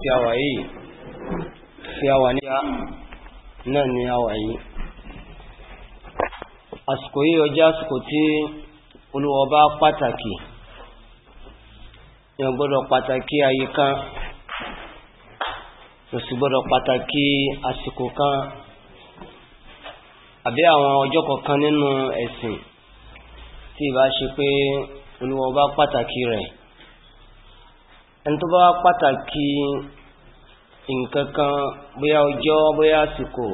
tí a wà yìí tí a wà ní a náà ni a wà yìí àsìkò yìí ọjọ́ àsìkò tí Olúwa bá pàtàkì yẹn gbọ́dọ̀ pàtàkì ayé kò sì gbọ́dọ̀ pàtàkì àsìkò kan àbí àwọn ọjọ́ kọ̀ọ̀kan nínú ẹ̀sìn tí ìbá ṣe pé Olúwa pàtàkì rẹ̀ ẹni tó bá pàtàkì nǹkan kan bóyá ọjọ́ bóyá àsìkò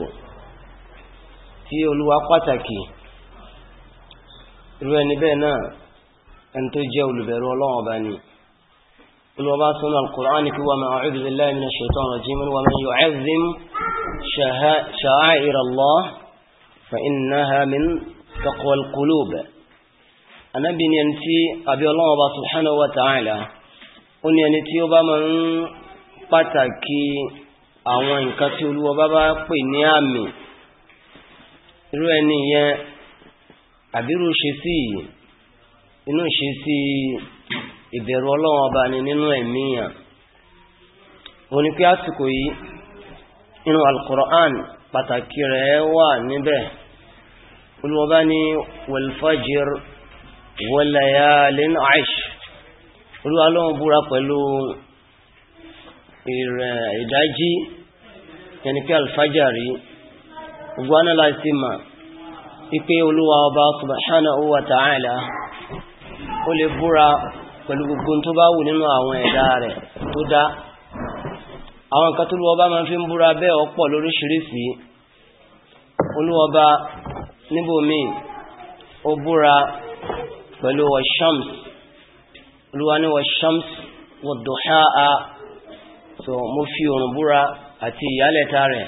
tí olúwa pàtàkì irú ẹni bẹ́ẹ̀ náà ẹni tó jẹ́ olùbẹ̀rù ọlọ́run ọba ni olúwa bá sọ́nà al-Qur'an kí wa ma'udhu billahi minash shaitan rajim wa man yu'azzim sha'a'ir Allah fa innaha min taqwa al-qulub anábìnrin tí àbí ọba subhanahu wa ta'ala ó ní ẹni tí ó bá máa ń pàtàkì àwọn nǹkan tí olúwa bá bá pè ní àmì irú ẹni yẹn àbírú ṣe sí inú ṣe sí ìbẹ̀rù ọlọ́run ọba ni nínú ẹ̀mí yàn òun ni pé àsìkò yìí inú alukur'an pàtàkì rẹ̀ wà níbẹ̀ olúwa bá ní wal fajr wa layalin olúwa lọ́wọ́ búra pẹ̀lú ìdájí yẹni pé alfajari gbogbo aná láti ma wípé olúwa ọba subhanahu wa ta'ala ó lè búra pẹ̀lú gbogbo tó bá wù nínú àwọn ẹ̀dá rẹ̀ tó dá àwọn nǹkan tó lọ́wọ́ bá máa fi ń búra bẹ́ẹ̀ ọ̀pọ̀ lóríṣiríṣi olúwa ọba níbòmíì ó búra pẹ̀lú wa olúwani wa shams wa duhaa so mo fi òrùn búra àti ìyálẹ̀ta rẹ̀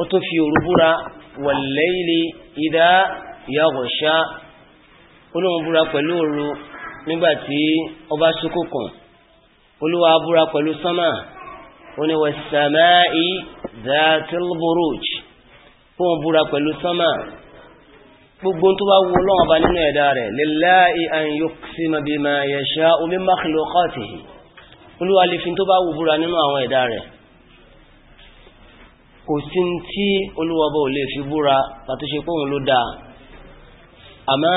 ó tó fi òrùn búra wal layli idha yaghsha olóhùn búra pẹ̀lú òru nígbàtí ó bá ṣókùnkùn olúwa búra pẹ̀lú sánmà oní was samai dhatil buruj búra pẹ̀lú sánmà gbogbo tó bá wo lọ́wọ́ bá nínú ẹ̀dá rẹ̀ lillahi an yuqsima bima yasha'u min makhluqatihi olúwa lè fi tó bá wo búra nínú àwọn ẹ̀dá rẹ̀ kò sí tí olúwa bá ò lè fi búra pàtó ṣe pòun ló dáa àmọ́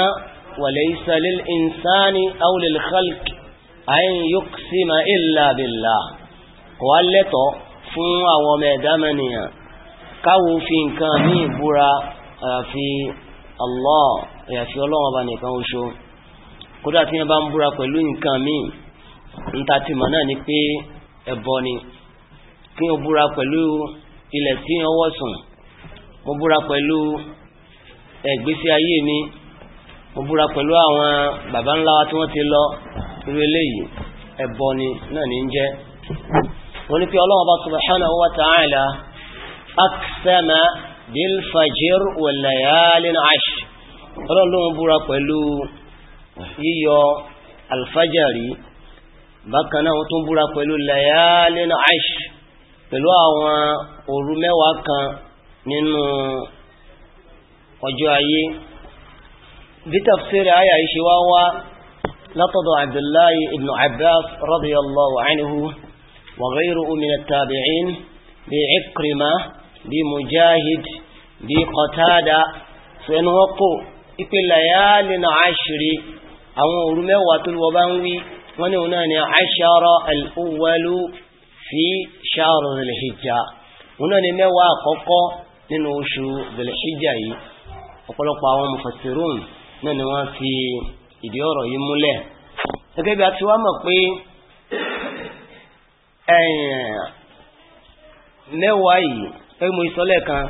wa laysa lil insani aw lil khalqi an kò wá lẹ́tọ̀ọ́ fún àwọn ọmọ ẹ̀dá mẹ́nìyàn káwo fi nǹkan ní Allah ìyàfi ọlọ́wọ́ bá nìkan oṣù kódà tí wọ́n bá ń búra pẹ̀lú nǹkan míì ń ta ti náà ni pé ẹbọ ni kí wọ́n búra pẹ̀lú ilẹ̀ tí wọ́n sùn búra pẹ̀lú ẹ̀gbésí ayé mi mo búra pẹ̀lú àwọn baba ńlá wa tí wọ́n ti lọ irú eléyìí ẹbọ ni náà ní ń jẹ́ wọ́n ní pé Ọlọ́hun Ọba subhanahu wa bilfajir wàlàyálin ash ọlọ́run búra pẹ̀lú yíyọ alfajari bákan náà wọ́n tún búra pẹ̀lú layálin ash pẹ̀lú àwọn òru mẹ́wàá kan nínú ọjọ́ ayé bí tafsiri àyà yìí ṣe wá wá látọ̀dọ̀ abdullahi ibn abbas radiyallahu anhu wa ghayruhu min at-tabi'in bi ikrima bí mujahid bí qatada fẹnu wọn kò ipe layalin ashiri àwọn òru mẹ́wàá tó lọ bá ń wí wọ́n ní òun náà ni ashara al-awwalu fi shahr al-hijja náà ni mẹ́wàá àkọ́kọ́ nínú oṣù al yìí ọ̀pọ̀lọpọ̀ àwọn mufassirun náà ni wọ́n fi ìdí ọ̀rọ̀ yìí múlẹ̀ gẹ́gẹ́ bí a ti wá mọ̀ pé mẹ́wàá yìí ẹgbẹ́ mo ìsọ́lẹ̀ kan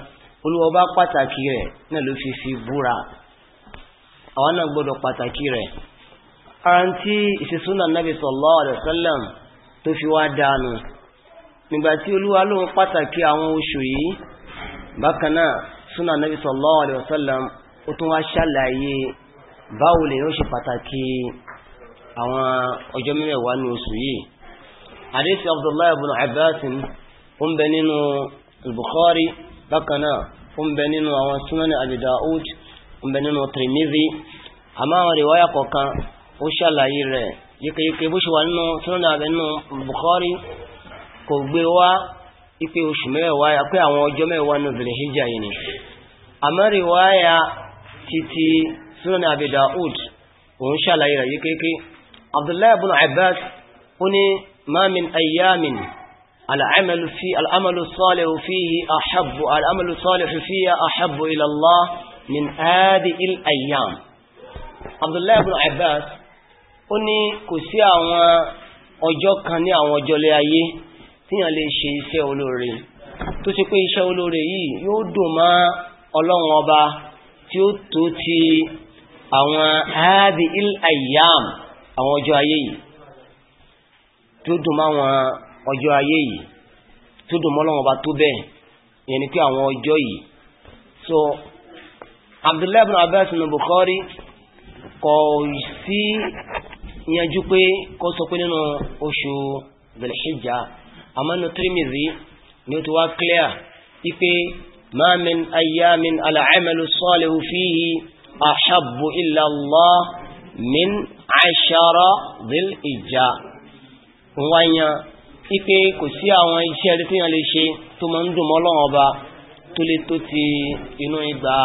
olúwa bá pàtàkì rẹ̀ náà ló fi fi búra àwọn náà gbọ́dọ̀ pàtàkì rẹ̀ ara ìṣesúnà nàbì sallallahu alaihi wasallam tó fi wá dànù nígbà tí olúwa ló ń pàtàkì àwọn oṣù yìí bákan náà súnà nàbì sallallahu alaihi wasallam ó tún wá ṣàlàyé báwo lè yóò ṣe pàtàkì àwọn ọjọ́ mẹ́wàá ní oṣù yìí àdéhùn Abdullahi ibn Abbas ń bẹ nínú al-Bukhari bákan náà ó ń bẹ nínú àwọn Sunan Abi Dawud ó ń bẹ nínú Tirmidhi àmọ́ àwọn rìwáyà kọ̀ọ̀kan ó ṣàlàyé rẹ̀ yékéyéké bó ṣe wà nínú Sunan Abi Bukhari kò gbé wá ipe oṣù mẹ́wàá pé àwọn ọjọ́ mẹ́wàá nù Dhul Hijja yìí ni àmọ́ rìwáyà títí Sunan Abi Dawud òun ṣàlàyé rẹ̀ yékéyéké Abdullahi ibn Abbas ó ní ma min ayyamin العمل في العمل الصالح فيه أحب العمل الصالح فيه أحب إلى الله من هذه الأيام عبد الله بن عباس ó ní kò sí àwọn ọjọ́ kan ní àwọn ọjọ́ lé ayé tíyàn lè ṣe iṣẹ́ olóore tó ṣe pé iṣẹ́ olóore yìí yóò dùn mọ́ ọlọ́run ọba tí ó tó ti àwọn hadi il ayyam àwọn ọjọ́ ayé yìí tó dùn mọ́ àwọn ọjọ́ ayé yìí tó dùn mọ́lọ́wọ́n bá tó bẹ́ẹ̀ ìyẹn ni pé àwọn ọjọ́ yìí so abdullahi ibn abbas ibn bukhari kò sí yanjú pé kó sọ pé nínú oṣù bilhijja àmọ́ nínú tirimizi ni ó ti wá clear ipe ma min ayyamin al'amalu salihu fihi ahabbu illa allah min ashara dhil hijja wanya ipe kò sí àwọn iṣẹ́ rí tíyàn lè ṣe tó máa ń dùn mọ́lọ́wọ́ ọba tó lè tó ti inú ìgbà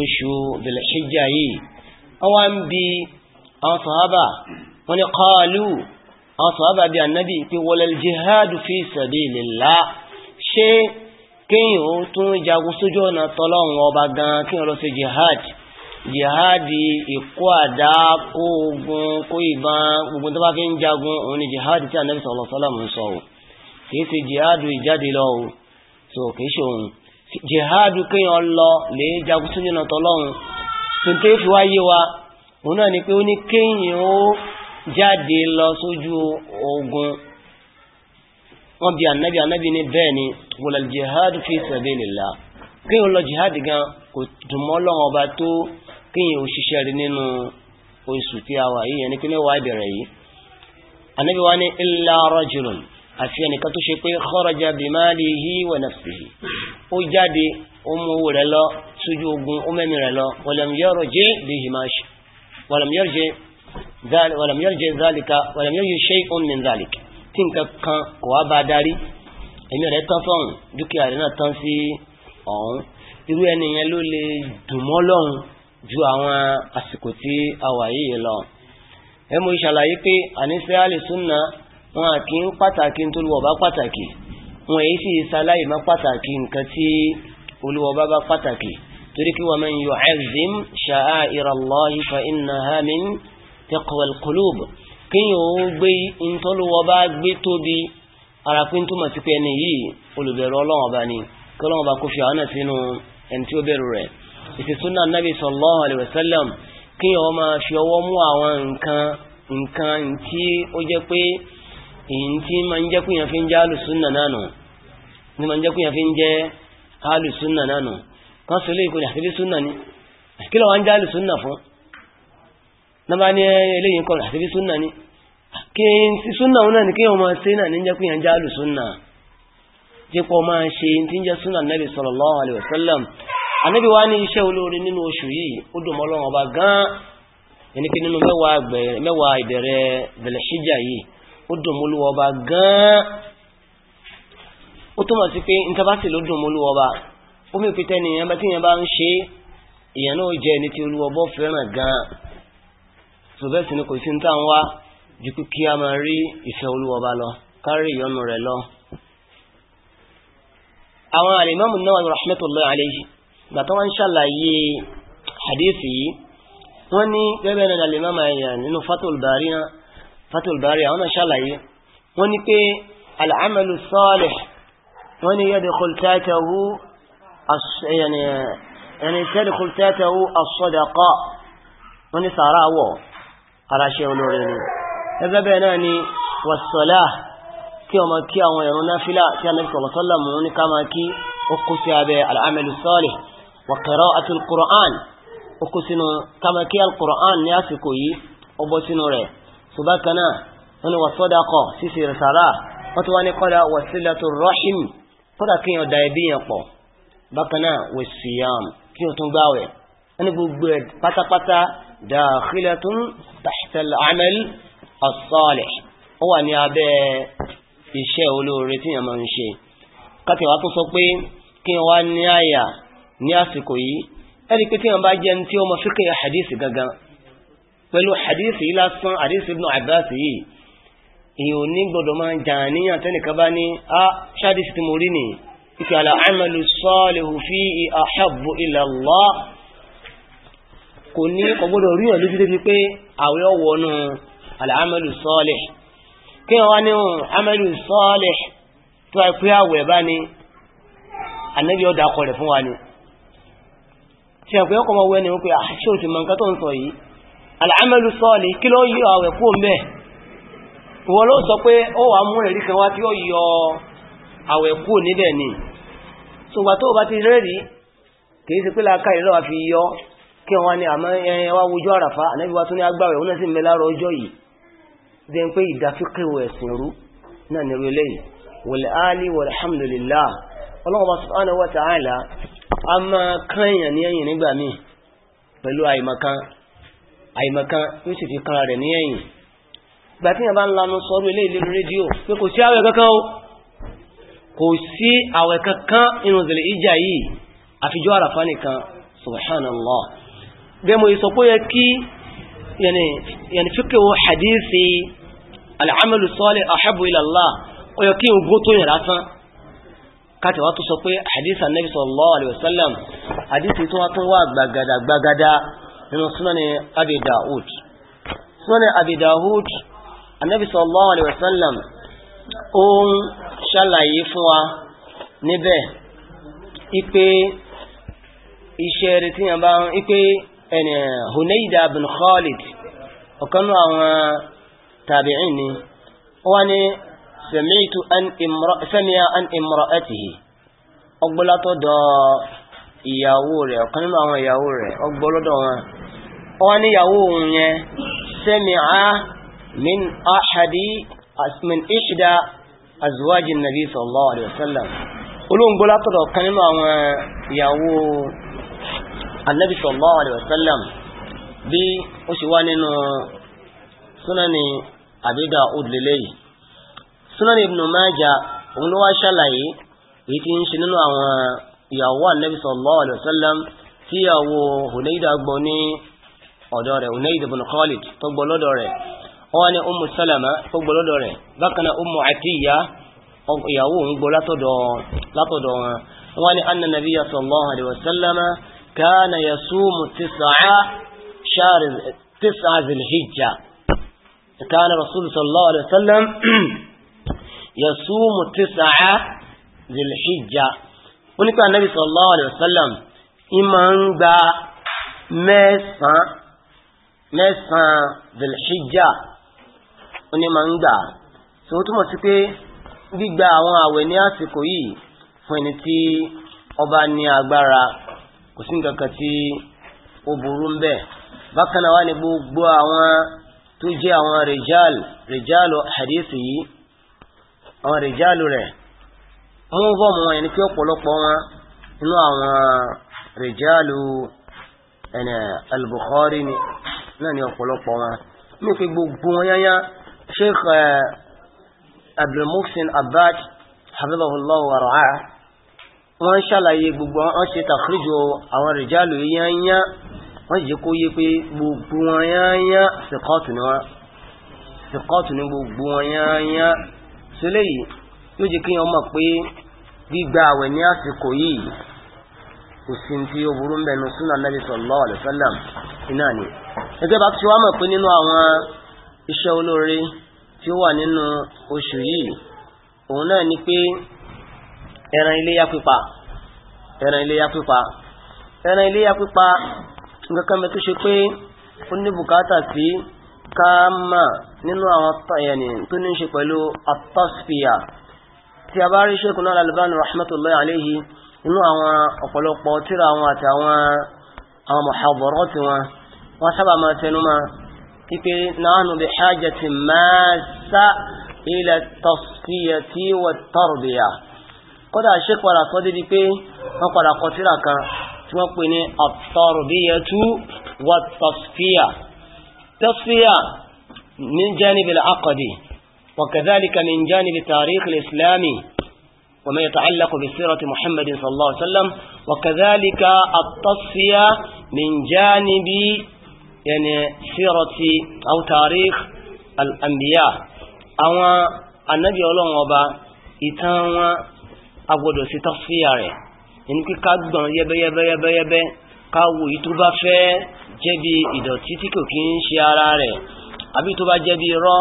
oṣù bẹ̀lẹ̀ṣẹ́jà yìí ọwá ń bi àwọn sàhábà wọ́n ní kọ́ọ̀lù àwọn sàhábà bí ànábì pé wọlẹ̀ jihadu fi sabilillah ṣé kéèyàn ó tún jagun sójú ọ̀nà tọ́lọ́run ọba gan kéèyàn lọ sí jihad jihadi ìkó àdá kó ogun kó ìbọn gbogbo tó bá fi ń jagun òun ni jihadi tí anabi sallallahu alaihi wasallam ń sọ o kìí ṣe jihadi ìjáde lọ o so kìí ṣe òun jihadi kéèyàn lọ lè jagun sínú ìnà tọlọ́run tuntun fi wá yé wa òun náà ni pé ó ní kéèyàn ó jáde lọ sójú ogun wọn bí anabi anabi ní bẹ́ẹ̀ ni wọlọ jihadi fi sabilillah kéèyàn lọ jihadi gan kò dùnmọ́ lọ́wọ́ ọba tó kíyàn òṣìṣẹ́ rí nínú oṣù tí a wà yìí yẹn ni pé mẹ́wàá ìbẹ̀rẹ̀ yìí anabi wa ni illa rajulun àfi ẹnìkan tó ṣe pé kharaja bimalihi wa nafsihi ó jáde ó mú owó rẹ̀ lọ sójú ogun ó mẹ́mí rẹ̀ lọ walam yarji bihima walam yarji walam tí nǹkan kan kò wá bá darí ẹ̀mí rẹ̀ tán fọ́hùn dúkìá rẹ̀ náà tán sí ọ̀hún irú ẹni yẹn ló lè dùn lọ́hùn ju àwọn àsìkò tí a wà yìí lọ ẹ mú ìṣàlàyé pé àníṣe àlìsúnà wọn kì í pàtàkì ọba pàtàkì wọn èyí sì ṣaláì má pàtàkì nǹkan tí olùwọba bá pàtàkì torí kí wa man yu'azzim sha'a'ira Allahi fa innaha min taqwal qulub kí yìí gbé ntọ́lùwọba gbé tóbi ara túmọ̀ sí pé ẹni yìí olùbẹ̀rù ni kí kò fi àwọn ẹni tí ìsìsúnà nábì sallallahu alaihi wasallam kí ọ máa ṣe mú àwọn nǹkan nǹkan tí ó jẹ́ pé èyí tí ma ń jẹ́ kú yẹn fi ń jẹ́ alùsúnà nánà ní ma ń jẹ́ kú yẹn fi ń jẹ́ alùsúnà kan sọ eléyìí kò ní àtibí súnà ni kí lọ́wọ́ ń jẹ́ alùsúnà fún ni kí n ti súnà náà ni kí wọ́n máa ṣe náà ní jẹ́ kú yẹn jẹ́ alùsúnà jẹ́ máa ṣe ń jẹ́ súnà sallallahu ànábì wá ní iṣẹ́ olóore nínú oṣù yìí ó dùn mọ́ Ọlọ́run ọba gan-an ẹni pé nínú mẹ́wàá ìbẹ̀rẹ̀ bẹ̀lẹ̀ṣíjà yìí ó dùn mọ́ Olúwa ọba gan-an ó túmọ̀ sí pé nǹkan bá sì ló dùn mọ́ Olúwa ọba ó mú ìpìtẹ́ ni ìyẹn bá tí ìyẹn bá ń ṣe èèyàn náà jẹ́ ẹni tí Olúwa ọba fẹ́ràn gan-an ni kò sí ní táwọn wá ju kí a máa rí ìfẹ́ Olúwa ọba lọ kárí ìyọnu rẹ̀ lọ. àwọn àlè Imam Nawawi rahmatullahi alayhi gbàtọ́ wọ́n ń ṣàlàyé hadithi yìí wọ́n ní gẹ́gẹ́ náà dalẹ̀ máa yàn nínú fatul bari àwọn náà ṣàlàyé wọ́n ní pé al'amalu salih wọ́n ní yadkhul tahtahu yani tadkhul tahtahu as-sadaqa wọ́n ní sàárà wọ̀ ara ṣe olóore ni gẹ́gẹ́ bẹ́ẹ̀ náà ni was-salah kí ọmọ kí àwọn ẹ̀rùn náà fílà tí a nẹ́sọ̀lọ́sọ́lá wa qira'atu al-Qur'an ó kó sínú kàmákí al-Qur'an ní àsìkò yìí ó bọ́ sínú rẹ̀ ṣùgbọ́n kan náà wọ́n ni wà sadaqa ṣíṣe ìrìsàrà wọ́n ti wá ní kọ́dà wasilatu rahim kọ́dà kí yàn da ẹbí yàn pọ̀ bákan náà wa siyam kí yàn tún gbáwẹ̀ wọ́n gbogbo ẹ̀ pátápátá dakhilatun tahta amal as-salih ó wà ní abẹ́ olóore tí yàn máa ṣe káti wàá tó sọ pé kí yàn wá ní àyà ní àsìkò yìí ẹ̀rí pé tí wọ́n bá jẹ́ tí wọ́n mọ fíkẹ́ hadith gangan pẹ̀lú hadith yìí lásán hadith ibn Abbas yìí èèyàn ní gbọ́dọ̀ máa ń jàn níyàn tẹ́nìkan bá ní a ah, ṣáàdìsì tí mo rí ni ìfẹ́ àlàámẹ́lú sọ́ọ̀lẹ̀hù fi ahabbu ila Allah kò ní ọgbọ́dọ̀ ríyàn lójú débi pé àwẹ́ ọwọ́nú àlàámẹ́lú sọ́ọ̀lẹ̀ kí wọ́n wá ní àmẹ́lú hmm, sọ́ọ̀lẹ̀ tó wáyé pé àwẹ̀ bá ní ànábì ọ̀dà kọ̀rẹ̀ fún wa ni ṣe ọ̀pẹ́ ọkọ̀ ọwọ́ ẹni wípé àṣẹ ah, òtù mọ̀ nǹkan tó ń sọ yìí alàmẹ́lú sọ́ọ̀lì kí ló yíò àwẹ̀ kú mẹ́ ìwọ ló sọ pé ó wà mú ẹ̀rí kan wá tí ó yọ àwẹ̀ kú níbẹ̀ ni ṣùgbà tó bá ti rẹ́rí kìí ṣe pé láàká ìrẹ́ wa fi yọ kí wọn ni àmọ́ ẹyẹ wá wujọ́ àràfá ànábì wa tún ní agbáwẹ̀ òun náà sì mẹ́lá rọ ọjọ́ a máa kán èèyàn ní ẹ̀yìn nígbà míì pẹ̀lú àìmọ̀kan àìmọ̀kan ń sì fi kanra rẹ̀ ní ẹ̀yìn ìgbà tí yàn bá ń lanu sọ́rọ̀ ilé ìlú rédíò pé kò sí àwẹ̀ kankan o kò sí àwẹ̀ kankan inú zèlè ìjà yìí àfijọ́ àràfá nìkan subhanallah bẹ́ẹ̀ mo sọ pé yẹ kí yẹn fíkẹ́ wo hadithi al'amalu ahabu ilallah ó yẹ kí n gún tó yẹn lásán káti wá tó sọ pé hadith anabi sallallahu alaihi wasallam hadith tó wá tó wà gbagada gbagada nínú sunan abi daud sunan abi daud anabi sallallahu alaihi wasallam ó ń ṣàlàyé fún wa níbẹ̀ ipe iṣẹ́ rẹ̀ tí yàn bá ń ipe ẹni hunaida bin khalid ọ̀kanú àwọn tàbíìn ni wọ́n ni sami'tu an imra sami'a an imra'atihi ọgbọ́látọ́ dọ ìyàwó rẹ̀ ọ̀kan nínú àwọn ìyàwó rẹ̀ ọgbọ́lọ́dọ̀ wọn wọ́n ní ìyàwó òun yẹn sami'a min ahadi min ishda azwaji nabi sallallahu alaihi wasallam olóńgbọ́látọ́ dọ̀ ọ̀kan nínú àwọn ìyàwó annabi sallallahu alaihi wasallam bí ó ṣe wá nínú súnani àbídà òdìlélẹ́yìí sunan ibn majah òun ló wá ṣàlàyé èyí tí ń ṣe nínú àwọn ìyàwó anabi sallallahu alayhi wa sallam tí ìyàwó hunaida gbọ́ ní ọ̀dọ̀ rẹ̀ hunaida ibn khalid tó gbọ́ lọ́dọ̀ rẹ̀ wọ́n ní umu salama tó gbọ́ lọ́dọ̀ rẹ̀ bákan náà umu atiya ìyàwó ń gbọ́ látọ̀dọ̀ wọn wọ́n ní anna nabiyya sallallahu alayhi wa sallama kana yasumu tis'a shahr tis'a zilhijja kana rasul sallallahu alayhi wa sallam yasumu tis'a zilhijja onípa anabi sallallahu alayhi wa sallam ìmọ̀ ń gba mẹ́sàn-án mẹ́sàn-án zilhijja onímọ̀ ń gbà tó túmọ̀ sí pé gbígba àwọn àwẹ̀ ní àsìkò yìí fún ẹni tí ọba ní agbára kò sí nǹkan kan tí ó burú ń bákan náà wá ní gbogbo àwọn tó jẹ́ àwọn rìjálù rìjálù hadisi yìí àwọn rìjálù rẹ̀ wọ́n wọ́n mọ̀ ẹni pé ọ̀pọ̀lọpọ̀ wọn inú àwọn rìjálù ẹ̀nà al-Bukhari náà ni ọ̀pọ̀lọpọ̀ wọn ní pé gbogbo wọn yányá Sheikh eh, Abdul Muhsin Abbad hafizahullah wa ra'ah wọ́n ṣàlàyé gbogbo wọn ṣe tàkìrìjọ àwọn rìjálù yányá wọ́n jẹ́ kó yé pé gbogbo wọn yányá sìkọ́ọ̀tù ni wọ́n sìkọ́ọ̀tù ni gbogbo wọn yányá sílẹ̀ yìí yóò jẹ́ kí wọ́n mọ̀ pé gbígba àwẹ̀ ní àsìkò yìí kò sí tí ó burú súnà nàbí sallallahu alaihi wasallam iná ni gẹ́gẹ́ bá ti wá mọ̀ pé nínú àwọn iṣẹ́ olóore tí ó wà nínú oṣù yìí òun náà ni pé ẹran iléyá pípa ẹran iléyá pípa ẹran iléyá pípa nǹkan kan bẹ tó ṣe pé ó ní bùkátà sí káàmà nínú àwọn tàyẹni tó ní ṣe pẹ̀lú àtọ́sífìyà tí a bá rí ṣe kùnà Al-Albani rahmatullahi alayhi inú àwọn ọ̀pọ̀lọpọ̀ tíra àwọn àti àwọn àwọn muhadarat tí wọn wọ́n sábà máa tẹnumá pípé nahnu bihajatin massa ila at-tasfiyati wat-tarbiya kódà ṣe padà sọ débi pé wọ́n padà kọ tíra kan tí wọ́n pè ní at-tarbiyatu wat-tasfiya تصفية من جانب العقدي وكذلك من جانب تاريخ الإسلامي وما يتعلق بسيرة محمد صلى الله عليه وسلم وكذلك التصفية من جانب يعني سيرة أو تاريخ الأنبياء أو النبي الله وبا إتان أبو دوسي تصفية يعني كي قد يبي يبي يبي يبي káwo yìí tó bá fẹ́ jẹ́ bí ìdọ̀tí tí kò kí ń ṣe ara rẹ̀ àbí tó bá jẹ́ bí irọ́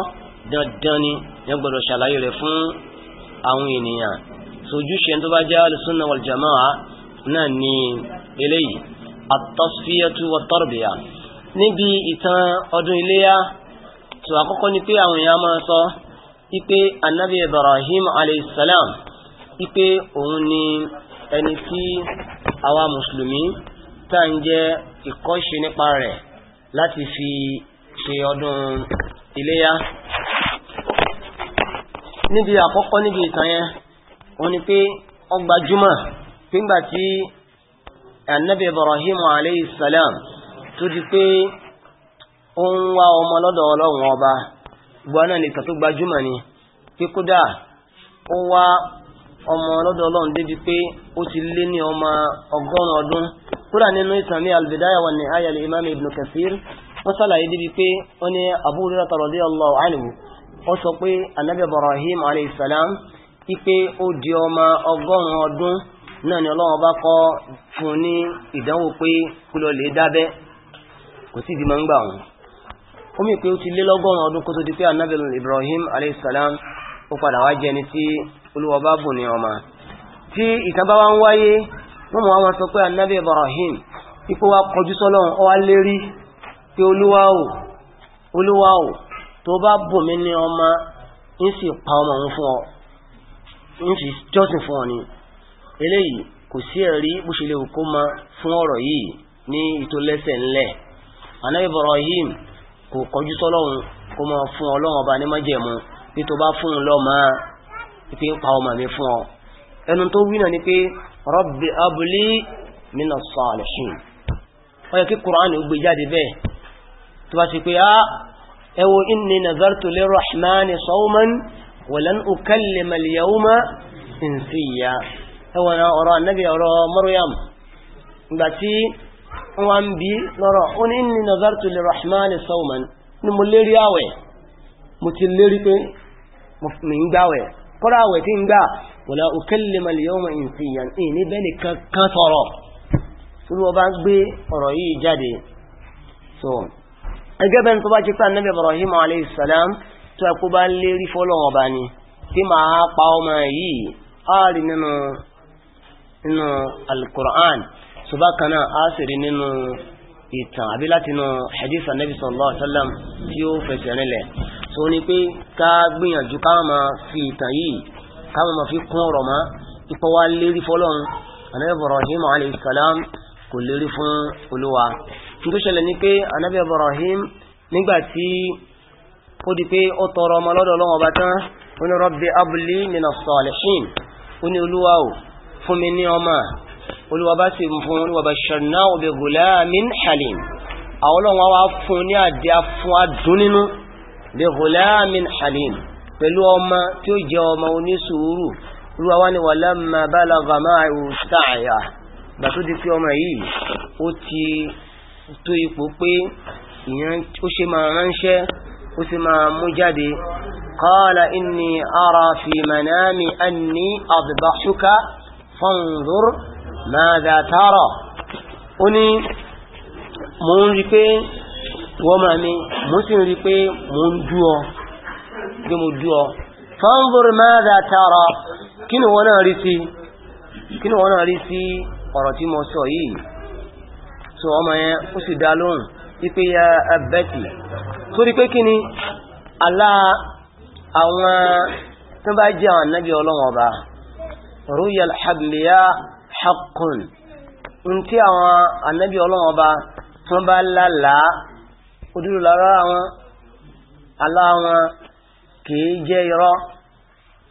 dandan ni yẹn gbọ́dọ̀ ṣàlàyé rẹ̀ fún àwọn ènìyàn sojúṣe tó bá jẹ́ alìsúnà wal jamaa náà ni eléyìí àtọ́síyẹ́tú wọ́tọ́rọ̀bìyà níbi ìtàn ọdún iléyà tó àkọ́kọ́ ni pé àwọn èèyàn máa sọ ipe anabi ibrahim alayhisalam ipe òun ni ẹni tí àwa mùsùlùmí tá ń jẹ́ ìkọ́ṣe nípa rẹ̀ láti fi ṣe ọdún iléyá níbi àkọ́kọ́ níbi ìtàn yẹn wọ́n ní pé ọgbà júmọ̀ píngbà tí annabi ibrahim alayhi salam tó di pé ó ń wá ọmọ lọ́dọ̀ ọlọ́run ọba gbọ́nà nìkan tó gbajúmọ̀ ni pé kódà ó wá ọmọ ọlọ́dọ̀ ọlọ́run débi pé ó ti lé ní ọmọ ọgọ́rùn-ún ọdún kódà nínú ìtàn ní al-Bidaya wa Nihaya Imam Ibn kafir wọ́n sàlàyé débi pé ó ní Abu Hurairah ó sọ pé anabi Ibrahim ipe ó di ọmọ ọgọ́rùn-ún ọdún náà ni ọlọ́run bá kọ́ fún ní ìdánwò pé lè dábẹ́ kò sí ìdí máa ń gbà wọn ó Ibrahim aleyhisselam ó padà wá jẹ ẹni tí olúwa bá bùn ní ọmọ tí ìtàn bá wá ń wáyé wọ́n mọ̀ wọn sọ pé anabi ibrahim ipò wa kọjú sọ́lọ́run ó wá lérí pé olúwa o olúwa o tó bá bùn mí ní ọmọ ń sì pa ọmọ òun fún ọ ń sì jọ́sìn fún ọ ni eléyìí kò sí ẹ̀rí bó ṣe lè kó ma fún ọ̀rọ̀ yìí ní ìtòlẹ́sẹ̀ ńlẹ̀ anabi ibrahim kò kọjú sọ́lọ́run kó máa fún ọlọ́run ọba ní májẹ̀mú bí tó bá fún un lọ́mọ pé ń pa ọmọ mi fún ọ ẹnu tó wí náà ni pé rabbi abli minas salihin ó yẹ kí Qur'an ó gbé jáde bẹ́ẹ̀ tó bá ṣe pé á ẹwọ inni nazartu lirrahmani sawman walan ukallima al-yawma insiya ẹwọ na ọ̀rọ̀ annabi ọ̀rọ̀ Maryam ìgbà tí wọ́n ń bí lọ́rọ̀ ó ní inni nazartu lirrahmani sawman ni mo lérí àwẹ̀ mo ti lérí pé mo ń gbàwẹ̀ kọ́lá àwẹ̀ tí ń gbà wala ukallima al-yawma insiyan ní bẹ́ẹ̀ nìkan kan sọ̀rọ̀ tí wọ́n bá gbé ọ̀rọ̀ yìí jáde so ẹgẹ́ bẹ́ẹ̀ tó bá jẹ́ pé anábì Ibrahim alayhi salam tó ẹkú bá lérí fọ́lọ́wọ́ bá ni tí màá pa ọmọ yìí á rí nínú nínú al-Qur'an ṣùgbọ́n kan náà á sì rí nínú ìtàn àbí látinú hadith anábì sallallahu alayhi wa sallam tí ó fẹsẹ̀ rinlẹ̀ so ni pé ká gbìyànjú ká máa fi ìtàn yìí ká máa fi kún ọ̀rọ̀ mọ́ ipò wa lérí fọlọ́run anabi ibrahim alayhi salam kò lérí fún olúwa n tó ṣẹlẹ̀ ni pé anabi ibrahim nígbà tí ó di pé ó tọrọ ọmọ lọ́dọ̀ ọlọ́wọ́n ọba tán ó ní rabbi abli min as ó ní olúwa ò fún mi ní ọmọ olúwa bá sì fún olúwa bashsharnahu bi ghulamin halim àwọn ọlọ́wọ́n wa fún ní àdíá fún adùn nínú bi ghulamin halim pẹ̀lú ọmọ tí ó jẹ́ ọmọ onísùúrù olúwa wá ní walamma balagha ma'ahu sa'ya gbà tó di pé ọmọ yìí ó ti tó ipò pé ìyẹn ó ṣe máa ránṣẹ́ ó sì máa mú jáde qala inni ara fi manami anni adbahtuka fanzur madha tara ó ní mò ń rí pé wọ́n máa mi mo sì ń rí pé mo ń dú ọ pé mo dú ọ fanzur madha tara kí ni wọ́n náà rí sí kí ni wọ́n náà rí sí ọ̀rọ̀ tí mo sọ yìí so ọmọ yẹn ó sì dá lóhùn wípé ya abẹ́tì torí pé kí ni alá àwọn tó bá jẹ́ àwọn anábì ọlọ́wọ́n ọba royal habliya haqqun n àwọn anábì ọlọ́wọ́n ọba tó bá lálàá òdodo lára àwọn alá wọn kìí jẹ́ irọ́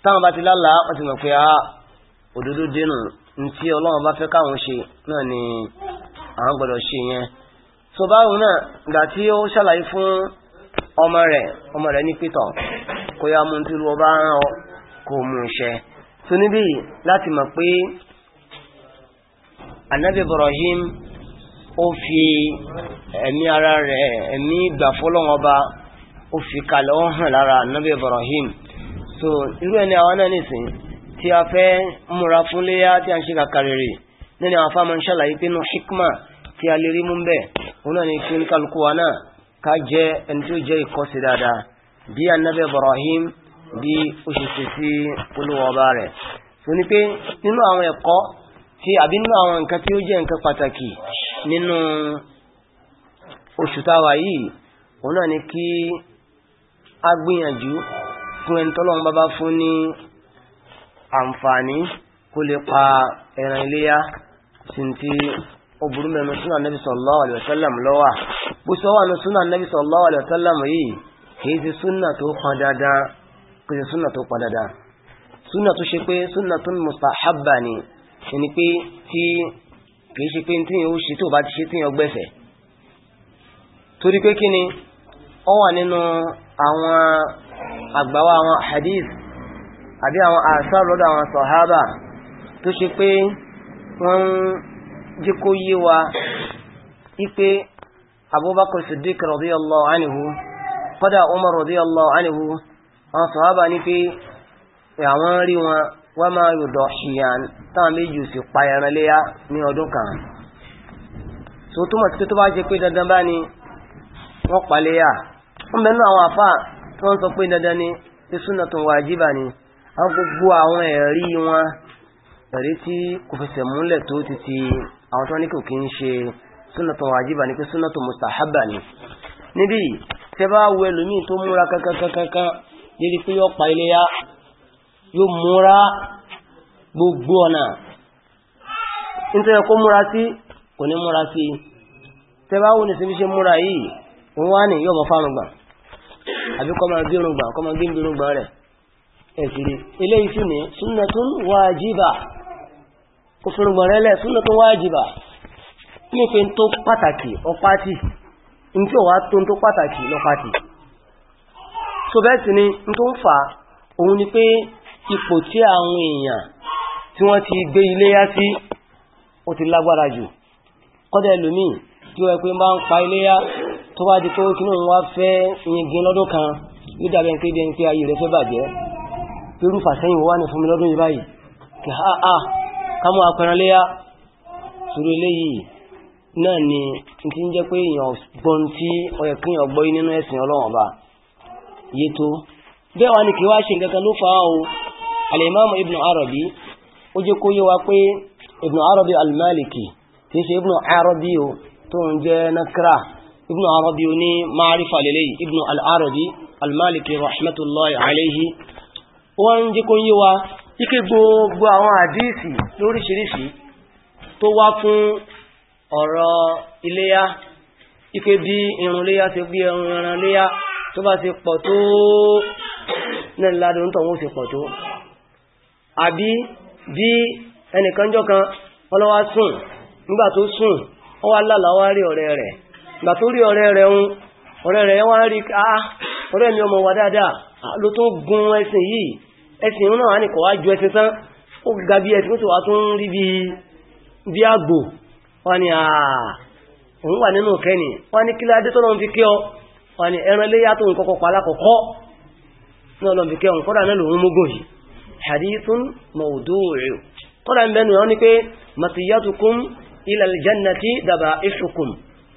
táwọn bá ti lálà wọ́n ti mọ̀ pé a ah, òdodo dénú ntí ọlọ́run bá fẹ́ káwọn ṣe náà ni àwọn gbọ́dọ̀ ṣe yẹn tó báwọn náà gbà tí ó ṣàlàyé fún ọmọ rẹ̀ ọmọ rẹ̀ ní pétọ̀ kó yá mú tí lọ́ọ́ bá ń rán ọ kó mú iṣẹ́ tó níbí láti mọ̀ pé anabi Ibrahim ó fi ẹ̀mí ara rẹ̀ ẹ̀mí ìgbà fọ́lọ́wọ́n ọba ó fi kalẹ̀ ó hàn lára nabi Ibrahim so irú ẹni àwọn náà nìsín tí a fẹ́ múra fún léyà tí a ń ṣe kàkàrèrè nínú àwọn afáàmọ́ ṣàlàyé pé nù hikma tí a lè rí mú bẹ́ẹ̀ òun náà ni kí oníkálukú wa náà ká jẹ́ ẹni tí ó jẹ́ ìkọ́sí dáadáa bí anabi Ibrahim bí ó ṣe ṣe sí olówó ọba rẹ̀ so ni pé nínú àwọn ẹ̀kọ́ tí àbí nínú àwọn nǹkan tí ó jẹ́ nǹkan pàtàkì nínú oṣù táwà yìí òun náà ni kí a gbìyànjú fún ẹni tọ́lọ́run bàbá fún ní àǹfààní kó lè pa ẹran iléyá sí ti obìnrin mẹ́rin súnà nẹ́bí sallallahu alaihi wasallam lọ́wà bó sọ wà ní súnà nẹ́bí sallallahu alaihi wasallam yìí kìí ti súnà tó pọn dandan kìí ti súnà tó pọn dandan súnà tó ṣe pé súnà tó mustahabba ni ẹni pé tí kìí ṣe pé tí ó ṣe tó bá ti ṣe tí ó gbẹ̀sẹ̀ torí pé kí ni ó wà nínú àwọn àgbàwà àwọn hadith àbí àwọn àṣà àwọn sọ̀hábà tó ṣe pé wọ́n ń jẹ́ kó yé wa wípé abubakar siddiq radiyallahu anhu kọ́dà umar àwọn sọ̀hábà pé àwọn rí wọn wọ́n máa yọ̀dọ̀ táwọn méjì sì pa ẹran léyá ní ọdún kan tó túmọ̀ sí tó bá jẹ pé dandan bá ni wọ́n pa léyá wọ́n bẹ̀rù àwọn àfà tó ń sọ pé dandan ni pé súnà tó ń wà jíbà ni àwọn gbogbo àwọn ẹ̀rí wọn ẹ̀rí tí kò fẹsẹ̀ múlẹ̀ tó ti ti àwọn tó ní kò kí ń ṣe súnà tó ń wà jíbà ni pé súnà tó mustahaba ni níbí tẹ bá wo ẹlòmíì tó múra kankankankan yẹ́rí pé gbogbo ọ̀nà nítorí kó múra sí kò ní múra sí tẹ́bá wò ní síbi ṣe múra yìí wọ́n wá ní yọ̀bọ̀ fárùngbà àbí kọ́mọ bírùngbà kọ́mọ bírùngbà rẹ̀ ẹ̀sìrì ilé sì ní sunnatun wajiba kò rẹ̀ lẹ̀ tó pàtàkì ọpátì tó tó tí wọ́n ti gbé iléyá sí ó ti lágbára jù kọ́dà ẹlòmíì tí wọ́n pé máa ń pa iléyá tó bá di pé kí náà wá fẹ́ yingin lọ́dún kan ní dàbí ẹni pé bí ẹni pé ayé rẹ̀ fẹ́ bàjẹ́ pẹ̀lú fàṣẹyìn wà ní fún mi lọ́dún yìí báyìí kì á á ká mú apẹran léyá sórí eléyìí náà ni ti ń jẹ́ pé èèyàn gbọ́n tí ọyẹ èèyàn gbọ́ nínú ẹ̀sìn ọlọ́wọ́n ọba yé tó bẹ́ẹ̀ wá ní kí wá ṣe nǹkan kan ló fà á o al Ibn Arabi ó jẹ́ kó yé wa pé ibn arabi al-maliki tí ṣe ibn arabi o tó ń jẹ́ nakra ibn arabi o ní maarifa lélẹ̀ ibn al-arabi al-maliki rahmatullahi alayhi wọ́n jẹ́ kó yé wa ike gbogbo àwọn àdíìsì lóríṣiríṣi tó wá fún ọ̀rọ̀ iléyá ike bí irun léyá ti bí ẹran ẹran léyá tó bá ti pọ̀ tó náà ládùn tó wọ́n ti pọ̀ tó àbí bí kanjọ kan ọlọ́wà sùn nígbà tó sùn ó wá lálàáwá rí ọ̀rẹ́ rẹ̀ ìgbà tó rí ọ̀rẹ́ rẹ̀ ń ọ̀rẹ́ rẹ̀ wá rí ọmọ wa dáadáa ló tó gun ẹsìn yìí ẹṣin náà wà ní wá ju ẹsìn tán ó ga bí ẹṣin tó wá tún rí bí àgbò wọ́n ni òun wà nínú kẹ́ni wọ́n ní kí ládé fi ọ wọ́n ni ẹran tó náà lòun yìí حديث موضوع قال ان بنو يعني كي مطياتكم الى الجنه ذبائحكم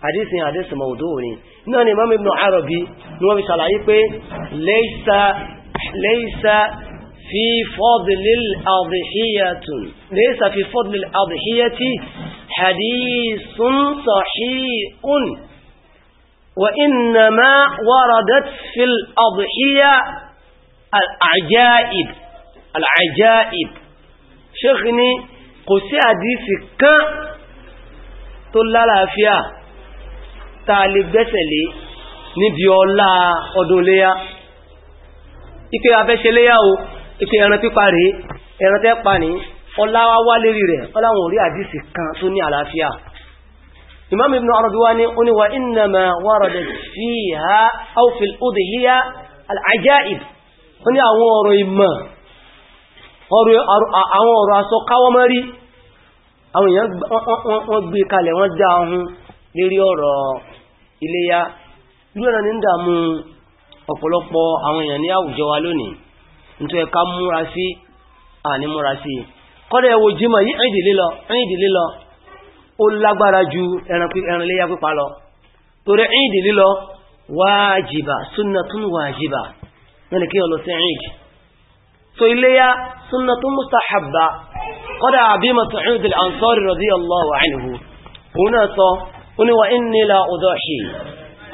حديث يعني حديث موضوع نوني امام ابن عربي نو مش على ليس ليس في فضل الاضحيه ليس في فضل الاضحيه حديث صحيح وانما وردت في الاضحيه العجائب al-ajaib sheikh ni kò sí àdísì kan tó lálàáfíà tá a lè gbẹ́sẹ̀lé níbi ọlá ọdún léyá ike afẹ́ṣe léyá o ike ẹran pípa rèé ẹran tẹ́ pa ní ọlá wá wá lérí rẹ̀ ọláwọn orí àdísì kan tó ní àlàáfíà imam ibn arabiwa ni ó ní wa innama warada fiha aw fil udhiya al-ajaib ó ní àwọn ọ̀rọ̀ ìmọ̀ àwọn ọ̀rọ̀ aṣọ káwọ́ mọ́ rí àwọn èèyàn wọ́n gbé kalẹ̀ wọ́n dá ileya lérí ọ̀rọ̀ iléyá lónà ní dàmú ọ̀pọ̀lọpọ̀ àwọn èèyàn ní àwùjọ wa lónìí nítorí ká múra sí àní múra sí kọ́dẹ̀ ẹwọ jímọ̀ yí ẹ̀yìndìlé lọ ó lágbára ju ẹran iléyá pípa lọ torí ẹ̀yìndìlé lọ wájìbà súnnà tún mẹ́rin kí ọ lọ sí so iléyá súnà tó mustahabba kọ́dà àbí Mas'ud al-Ansari radiyallahu anhu òun náà sọ ó ní wa inni la udahi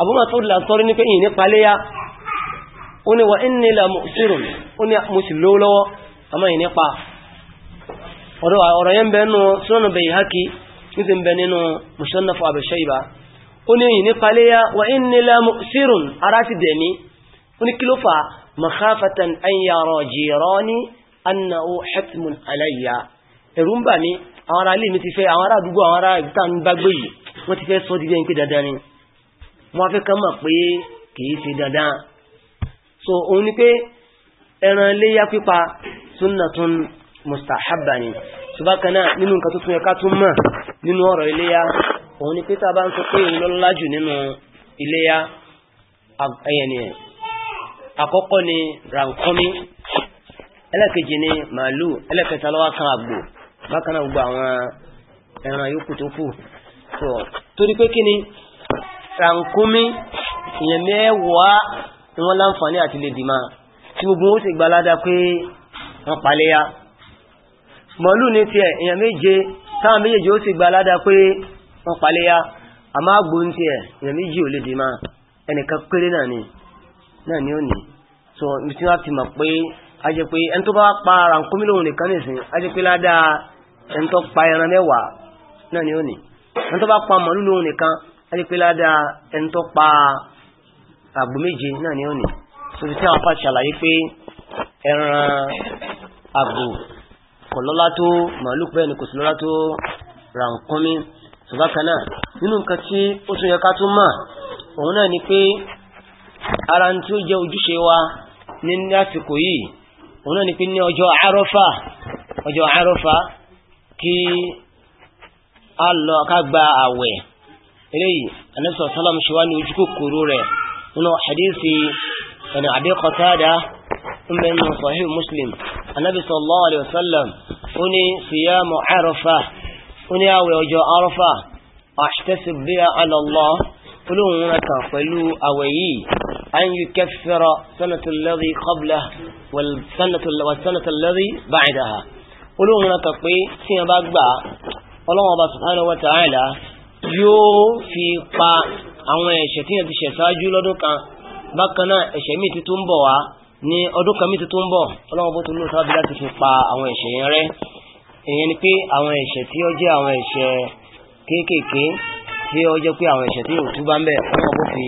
Abu Mas'ud al-Ansari ní pé ìyìn nípa léyá ó ní wa inni la mu'sirun ó ní mo sì lówó lọ́wọ́ àmọ́ ìyìn nípa ọ̀rọ̀ yẹn bẹ nínú Sunan Bayhaqi nítorí bẹ nínú Musannaf Abi Shayba ó ní ìyìn nípa léyá wa inni la mu'sirun ara ti dẹ̀ ní ó ní kí ló fà á makhafatan an yara jirani annahu hatmun alayya ẹ̀rù ń bà mí àwọn ará ilé mi ti fẹ́ àwọn ará àdúgbò àwọn ará ìta ń bá gbé yìí wọ́n ti fẹ́ sọ dídé ń pé dandan ni wọ́n fẹ́ ká mọ̀ pé kìí ṣe dandan so òun ni pé ẹran iléyá pípa sunnatun mustahabba ni ṣùgbọ́n kan náà nínú nǹkan tó tún yẹ ká tún mọ̀ nínú ọ̀rọ̀ iléyá òun ni pé tá a bá ń sọ pé òun àkọ́kọ́ ni rànkọ́mí ẹlẹ́kejì ni màálù ẹlẹ́kẹta ló wá kan àgbò bákan náà gbogbo àwọn ẹran yòókù tó kù tó torí pé kí ni rànkọ́mí ìyẹn mẹ́wàá ni wọ́n láǹfààní àti lè dìmá tí gbogbo ó sì gbalada pé wọ́n paléyà màálù ní tiẹ̀ ìyẹn méje táwọn méjèèjì ó sì gbalada pé wọ́n paléyà àmọ́ àgbò ní tiẹ̀ ìyẹn méjì ò lè dìmá ẹnìkan péré náà ni náà ni ó ní so ibi tí wọ́n ti mọ̀ pé a jẹ́ pé ẹni tó bá pa rànkúmí lòun nìkan nìsín a jẹ́ pé ládàá ẹni tó pa ẹran mẹ́wàá náà ni ó ní ẹni tó bá pa màálù lòun nìkan a jẹ́ pé ládàá ẹni tó pa àgbò méje náà ni ó ní so ibi tí àwọn afa ṣàlàyé pé ẹran àgbò kò lọ́lá tó màálù pẹ́ ni kò sí lọ́lá tó rànkúmí ṣùgbọ́n kan náà nínú nǹkan tí ó tún yẹ ká tún mọ̀ òun náà ni pé ara tí ó jẹ́ ojúṣe wa ní lásìkò yìí òun náà ni pé ní ọjọ́ àrọ́fà ọjọ́ àrọ́fà kí a lọ ká gba àwẹ̀ eléyìí anẹ́sọ̀ sálàmù ṣe wá ní ojú kòkòrò rẹ̀ nínú hadithi ẹ̀nà Abi Qatada mẹ́nu sahih muslim anábì sallallahu alayhi wa sallam ó ní siyamu àrọ́fà ó ní àwẹ̀ ọjọ́ àrọ́fà àṣìtẹ́sì bí i ala Allah olóhùn rẹ̀ pẹ̀lú àwẹ̀ yìí أن يكفر سنة الذي قبله والسنة, والسنة الذي بعدها olóhun náà kàn pé tí wọn bá gbà ọlọ́wọ́n ọba subhanahu wa ta'ala yóò fi pa àwọn ẹ̀ṣẹ̀ tí ọdún kan míì tuntun ń bọ̀ ọlọ́wọ́n bó tún ló sábà láti fi pa àwọn ẹ̀ṣẹ̀ yẹn rẹ́ ìyẹn ni pé àwọn ẹ̀ṣẹ̀ tí ó jẹ́ àwọn ẹ̀ṣẹ̀ kéékèèké tí ó jẹ́ pé àwọn ẹ̀ṣẹ̀ tí yóò túbá ń bẹ̀ ọlọ́wọ́n bó fi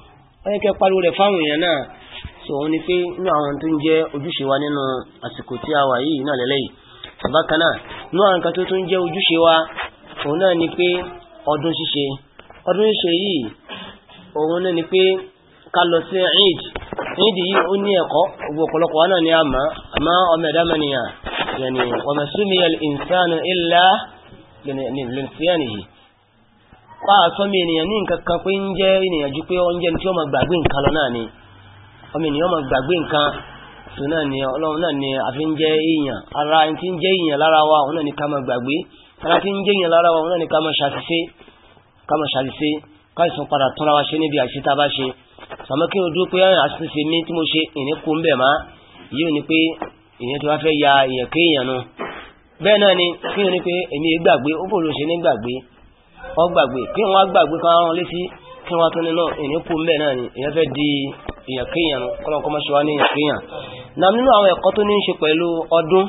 wọ́n yẹ kẹ́ pariwo rẹ̀ fáwọn èèyàn náà so òun ni pé inú àwọn tó ń jẹ́ ojúṣe wa nínú àsìkò tí a wà yìí náà lẹ́lẹ́yìí bákan náà inú àwọn nǹkan tó tún jẹ́ ojúṣe wa òun náà ni pé ọdún ṣíṣe ọdún ṣíṣe yìí òun náà ká lọ sí eid eid yìí ó ní ẹ̀kọ́ gbogbo ọ̀pọ̀lọpọ̀ wa náà ni a mọ̀ àmọ́ ọmọ ẹ̀dá mẹ́niyàn yẹn ni wa ma sumiya al-insanu illa lẹ́nìyàn yìí kwa àsọ́mí ènìyàn ní nǹkan kan pé ń jẹ́ ènìyàn ju pé oúnjẹ tí ó ma gbàgbé nǹkan lọ náà ni ọmọ ènìyàn ma gbàgbé nǹkan tó náà ni ọlọ́run náà ni àfi ń jẹ́ èèyàn ara tí ń jẹ́ èèyàn lára wa òun ma gbàgbé ara tí ń jẹ́ èèyàn lára wa òun náà ni ká ma ṣàṣìṣe ká ma ṣàṣìṣe ká ìsàn padà túnra wa ṣe níbi bá ṣe sàmọ́ kí dúró pé àṣìṣe mi tí ni pé ìyẹn tí fẹ́ ya èèyàn nu bẹ́ẹ̀ náà ni kí o ní pé èmi gbàgbé ó bò ló ọgbàgbé kí wọ́n gbàgbé kan rán létí kí wọ́n tún nínú ìníkù mẹ́ náà ni èyàn fẹ́ di ìyànkíyàn kọ́lọ̀kọ́ mọ́ ṣe wá ní ìyànkíyàn na nínú àwọn ẹ̀kọ́ tó ní ṣe pẹ̀lú ọdún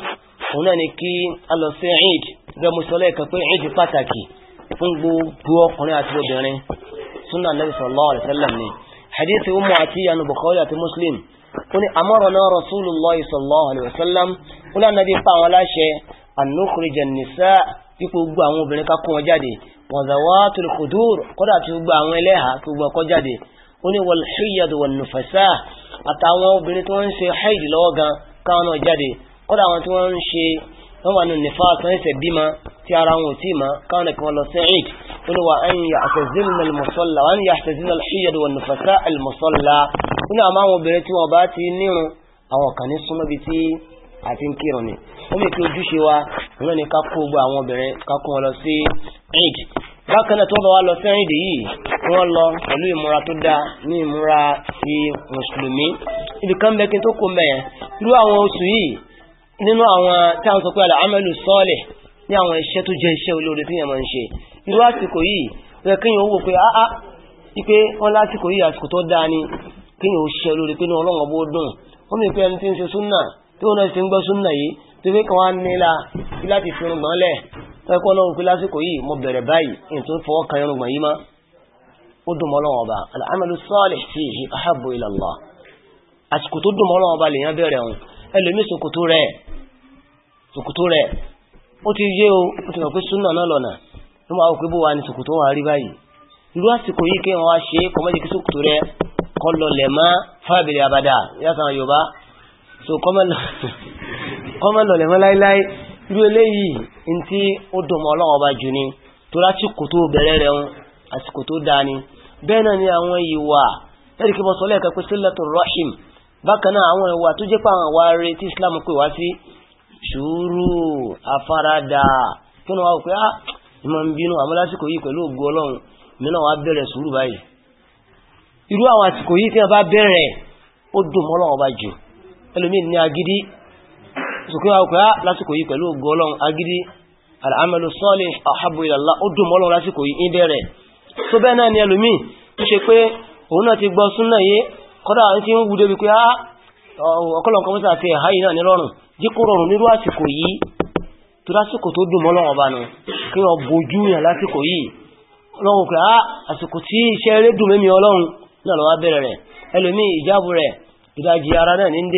òun náà ni kí a lọ sí eid bí ọmọ sọlẹ̀ kan pé eid pàtàkì fún gbogbo ọkùnrin àti obìnrin sunna nabi sallallahu alaihi wasallam ni hadith umu àti yanu bukhari àti muslim ó amara na rasulullah sallallahu alaihi wasallam ó ní anabi pa àwọn aláṣẹ an nisa ipò gbogbo àwọn obìnrin ká kó wàzàwátù kùdúr kódà tí gbogbo àwọn ẹlẹ́hà tó gbọ́ kọjáde ó ní wal hiyyad wan nufasa àtàwọn obìnrin tí wọ́n ń ṣe haid lọ́wọ́ gan káwọn náà jáde kódà àwọn tí wọ́n ń ṣe wọ́n wà nù nífà tó ń ṣe bímọ tí ara wọn ò tí ma káwọn kan lọ sí eid ó ní wà án ya'tazilna al-musalla wà án ya'tazilna al-hiyyad wan nufasa al ó ní àwọn obìnrin tí wọ́n bá ti nírun àwọn kan ní súnmọ́ bíi tí àti ń kírun ni ó mì kí ojúṣe wa òun ká kó gbogbo àwọn obìnrin ká kó wọn lọ sí eid bákan náà tó bá wá lọ sí ẹ̀yìn yìí wọ́n lọ pẹ̀lú ìmúra tó dáa ní ìmúra ti mùsùlùmí ibi kan bẹ́ẹ̀ kí n tó kó mẹ́ẹ̀ irú àwọn oṣù yìí nínú àwọn tí a ń sọ pé àmẹ́lù sọ́ọ̀lẹ̀ ní àwọn iṣẹ́ tó jẹ́ iṣẹ́ olóore tí yẹn máa ń ṣe irú àsìkò yìí rẹ̀ kí yẹn ó wò pé áá ipe wọn lásìkò yìí àsìkò tó dáa ni kí yẹn ó ṣe olóore pé ní ọlọ́run ọbọ̀ dùn ó ẹkọ́ ọlọ́run pé lásìkò yìí mo bẹ̀rẹ̀ báyìí nítorí fọwọ́ kan irun gbọ̀nyí mọ́ ó dùn mọ́lọ́run ọba al-amalu salih fihi ahabbu ila Allah àsìkò tó dùn mọ́lọ́run ọba lèèyàn bẹ̀rẹ̀ ọ̀hún ẹlòmí sòkòtò rẹ̀ ó ti yé o ó ti mọ̀ súnà náà lọ́nà ló máa wò bó wa ni sòkòtò wà rí báyìí irú àsìkò yìí kéèyàn wá ṣe kọ́mọ́jì kí sòkòtò rẹ̀ kọ́ irú eléyìí ní tí ó dùnmọ́ ọlọ́run ọba jù ni tó lásìkò tó bẹ̀rẹ̀ rẹ̀ ń àsìkò tó dáa ni bẹ́ẹ̀ náà ni àwọn ìwà ẹ̀rí kí mo sọ lẹ́ẹ̀kan pé sílẹ̀tò rahim bákan náà àwọn ìwà tó jẹ́ pé àwọn ìwà rere tí islam pè wá sí sùúrù afárádà kí wọ́n wá pé ah ìmọ̀ ń bínú àmọ́ lásìkò yìí pẹ̀lú ògo ọlọ́run mi náà wá bẹ̀rẹ̀ sùúrù báyìí irú àwọn àsìkò yìí tí wọ́n bá bẹ̀rẹ̀ ó dùn mọ́ ọlọ́run ọba jù ẹlòmíì ní agídí sùkúrò àwọn kòyà lásìkò yìí pẹ̀lú ògo ọlọ́run agídí al'amalu sọ́ọ̀lì ahabbu ila Allah ó dùn mọ́lọ́run lásìkò yìí ń bẹ̀rẹ̀ tó bẹ́ẹ̀ náà ni ẹlòmíì tó ṣe pé òun náà ti gbọ́ súnà yé kọ́dà ń ti ń wù débi pé á ọkọlọ́n kan fi ẹ̀há yìí náà nírọ̀rùn jí rọrùn nírú àsìkò yìí tó lásìkò tó dùn mọ́lọ́run ọba nù kí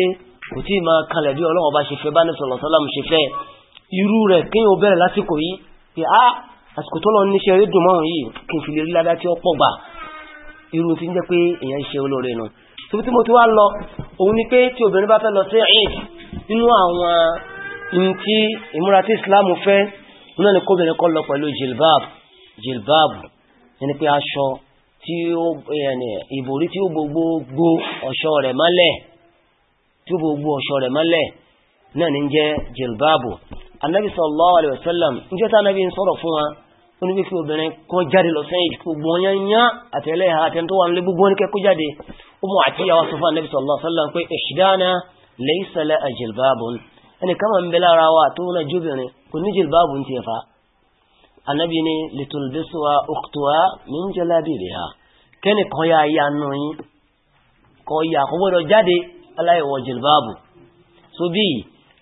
wọ́n kò tí ì máa kalẹ̀ bí ọlọ́run ọba ṣe fẹ́ bá nẹ́sọ̀ lọ sálàmù ṣe fẹ́ irú rẹ̀ kí o bẹ̀rẹ̀ lásìkò yìí pé a àsìkò tó lọ níṣẹ́ rédùn márùn yìí kí n fi lè rí ládá tí ó pọ̀ gbà irú ti ń jẹ́ pé èèyàn ṣe olóore nù tó tí mo ti wá lọ òun ni pé tí obìnrin bá fẹ́ lọ sí ẹ̀ nínú àwọn in tí ìmúra tí Islam fẹ́ nínú ni kóbìnrin kọ́ lọ pẹ̀lú jilbab jilbab ẹni pé aṣọ tí ó ìbòrí tí ó gbogbo ọ̀ṣọ́ rẹ̀ mọ́lẹ̀ tí ó gbogbo ọ̀ṣọ́ rẹ̀ mọ́lẹ̀ náà ní jẹ́ jilbabu anabi sallallahu alayhi wa sallam níjọ́ tá anabi ń sọ̀rọ̀ fún wa ó ní bí kí obìnrin kan jáde lọ sẹ́yìn gbogbo wọn yán yán àtẹ̀lẹ́ àtẹ̀ntó wa nílé gbogbo wọn kẹ́kọ́ jáde ó mú àti àwọn sọ fún anabi sallallahu alayhi wa sallam pé ihdana laysa laha jilbabun ẹni ya yanu yín kọ́ ya kọ́ gbọ́dọ̀ jáde aláìwọ̀ jìlbáàbù so bí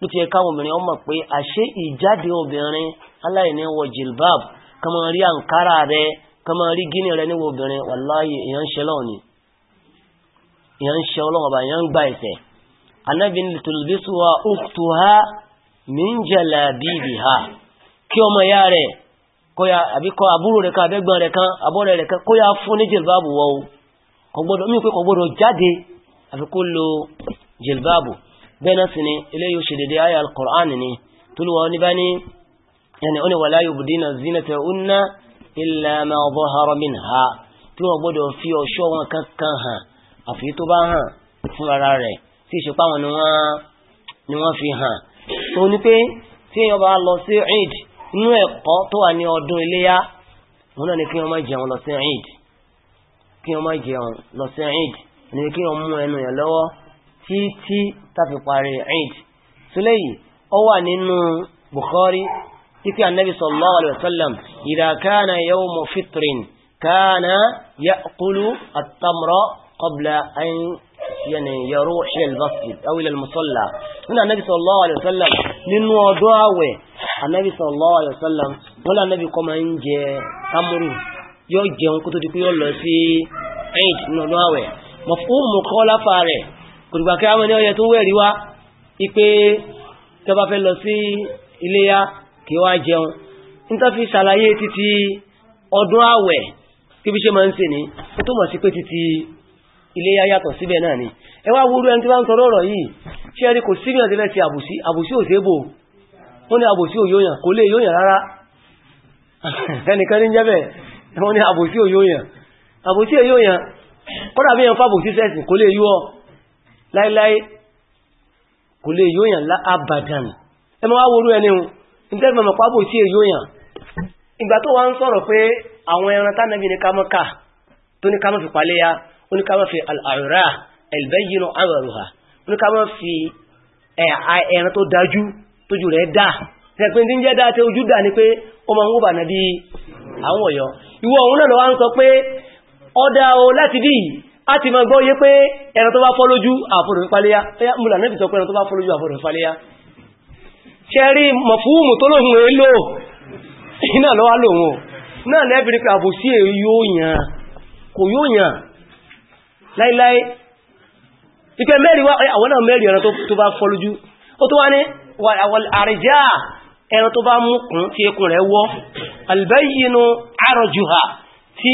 ló fi obìnrin ọmọ pé àṣé ìjáde obìnrin aláìníwọ̀ jìlbáàbù kọmọ rí àǹkárá rẹ kọmọ rí gíní rẹ níwọ̀ obìnrin wàláyé èèyàn ń ṣe lọ́wọ́ ni èèyàn ń ṣe ọlọ́wọ́ bá èèyàn ń gba ẹ̀sẹ̀ anábìn tùlùbísùwà ukhtuha min jalabibiha kí ọmọ ya rẹ̀ àbí kọ àbúrò rẹ̀ kan àbẹ́gbọ́n rẹ̀ kan àbọ́rẹ̀ rẹ̀ kan kóyá fún ní jìlbáàbù wọ́ o mí àfi kó lo jilbabu bẹ́ẹ̀ náà sì ni eléyìí ó ṣe dédé ayé al-Qur'an ni tó lùwà ó ní bá ní yẹn ó ní wala yubdina zinatahunna illa ma zahara minha tí wọ́n gbọ́dọ̀ fi ọ̀ṣọ́ wọn kankan hàn àfi tó bá hàn fún ara rẹ̀ tí ìṣe páwọn ni wọ́n fi hàn tó ní pé tí èèyàn bá lọ sí Eid inú ẹ̀kọ́ tó wà ní ọdún iléyá wọn náà ni kí wọ́n má jẹun lọ sí Eid kí wọ́n má jẹun lọ sí Eid ní kí wọ́n mú ẹnu yẹn lọ́wọ́ títí tàfi parí eid sílẹ̀yìí ó wà nínú Bukhari títí annabi sallallahu alaihi wasallam idha kana yawmu fitrin kana ya'kulu at-tamra qabla an yani yaruh ila al-masjid aw ila al-musalla nínú annabi sallallahu alaihi wasallam nínú ọdún àwẹ̀ annabi sallallahu alaihi wasallam wọ́n lọ annabi kọ́ máa ń jẹ tamuru yóò jẹun kó tó yóò lọ sí eid nínú ọdún àwẹ̀ mọ̀fúnmù kọ́ láfà rẹ̀ kòrìgbà kí a mọ́ ní ọyẹ tó wẹ̀rí wá ipé tó bá fẹ́ lọ sí iléyá kí wá jẹun níta fi ṣàlàyé títí ọdún àwẹ̀ kí bí ṣe máa ń ṣe ní ó tó mọ̀ sí pé títí iléyá yàtọ̀ síbẹ̀ náà ni ẹ wá wúrú ẹni tí wọ́n ń sọ lọ́rọ̀ yìí ṣé ẹni kò síbí ọ̀dẹ́ lẹ́sí àbùsí àbùsí òṣèbò wọ́n ní àbùsí òyòyàn kò lè yòyàn rárá ẹnìkan ní jẹ́bẹ̀ wọ́n ní àbùsí òyòyàn àbùsí òyòyàn kọ́dà bí ẹn fàbò sísẹ́sì kò lè yíò láíláí kò lè yíò yàn láàbàdàn ẹ ma wá worú ẹni hun nítorí mọ̀mọ̀ pàbò sí èyí yàn ìgbà tó wá ń sọ̀rọ̀ pé àwọn ẹran tánàbí ní kámọ́ká tó ní kámọ́ fi paléyá ó ní kámọ́ fi àrùrá ẹ̀lbẹ́yìnà àrùrá ó ní kámọ́ fi ẹran tó dájú tójú rẹ̀ dá tẹ̀pin tí ń jẹ́ dá tẹ ojú dá ni pé ó máa ń wó bà náà bí àwọn ọ̀yọ́ ìwọ òun náà lọ wá ń sọ pé ọdá o láti dí a ti máa gbọ́ yé pé ẹran tó bá fọ́ lójú àfọ́rùn ìpaléyá múlà náà sọ pé ẹran tó bá fọ́ lójú àfọ́rùn ìpaléyá ṣẹ́rí mọ̀fúùmù tó lóhun èlò iná lọ́wọ́ lòun náà lẹ́bìnrin pé àbòsí èyí yóò yàn kò yóò yàn láíláí ìpẹ́ mẹ́rin wá àwọn náà mẹ́rin ẹran tó bá fọ́ lójú ó tó wá ní àrìjá ẹran tó bá mú kún tí ekùn rẹ̀ wọ́ albayyinu arọjùha tí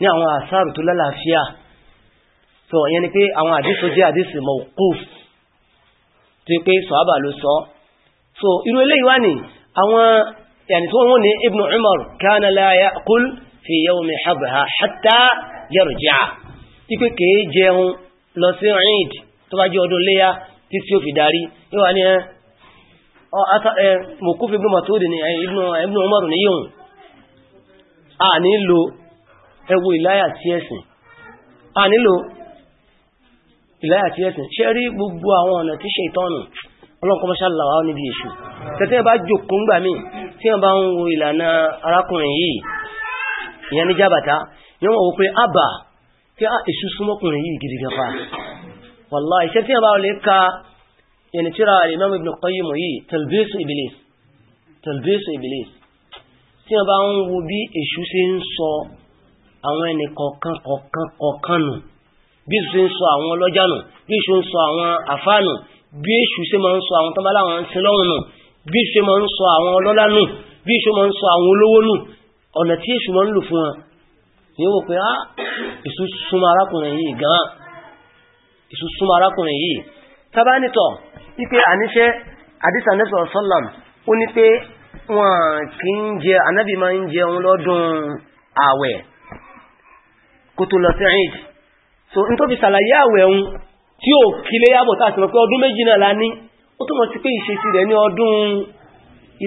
ní àwọn àsáàrù tó lálàáfíà tó yẹn ni pé àwọn àdísò jẹ́ àdísì mawquf tó pé sọ̀hábà ló sọ so irú eléyìí wá ní àwọn yàní tó wọ́n ní ibn umar kana la ya'kul fi yawmi habha hatta yarji'a tí pé kèé jẹun lọ sí eid tó bá jẹ́ ọdún léyà tí tí ó fi darí yóò ní ẹ mawquf ibn mas'ud ní ibn umar ní yíò a nílò ẹ wo ìláyà tí ẹ̀sìn a nílò ìláyà tí ẹ̀sìn ṣe rí gbogbo àwọn ọ̀nà tí ṣe ìtọ́nù ọlọ́nkọmọ́ṣà làwà níbi èṣù tẹ́tẹ́ bá jòkó ń gbà mí tí wọ́n bá ń wo ìlànà arákùnrin yìí ìyẹn ní jábàtá yọ́n wọ́n wọ́n pé àbà tí a èṣù súnmọ́kùnrin yìí gidi gafa wàlá iṣẹ́ tí wọ́n bá lè ka yẹni tíra Imam Ibn Qayyim yìí talbisu Iblis talbisu Iblis tí wọ́n bá ń wo bí èṣù ṣe ń sọ àwọn ẹnì kọ̀ọ̀kan kọ̀ọ̀kan kọ̀ọ̀kan nù bí èṣù ṣe ń sọ àwọn ọlọ́jà nù bí èṣù ń sọ àwọn àfáà nù bí èṣù ṣe máa ń sọ àwọn tọ́ba láwọn ń sin lọ́rùn nù bí èṣù ṣe máa ń sọ àwọn ọlọ́lá nù bí èṣù máa ń sọ àwọn olówó nù ọ̀nà tí èṣù máa ń lò fún wọn ni ó wò pé ah, èṣù súnmọ́ arákùnrin yìí gan èṣù súnmọ́ arákùnrin yìí tábà wípé àníṣe kó tó lọ sí eid so n tó fi ṣàlàyé àwẹ̀ òun tí ò kílé yàbọ̀ tá a sì mọ̀ pé ọdún méjì náà la ní ó túmọ̀ sí pé ìṣesí rẹ̀ ní ọdún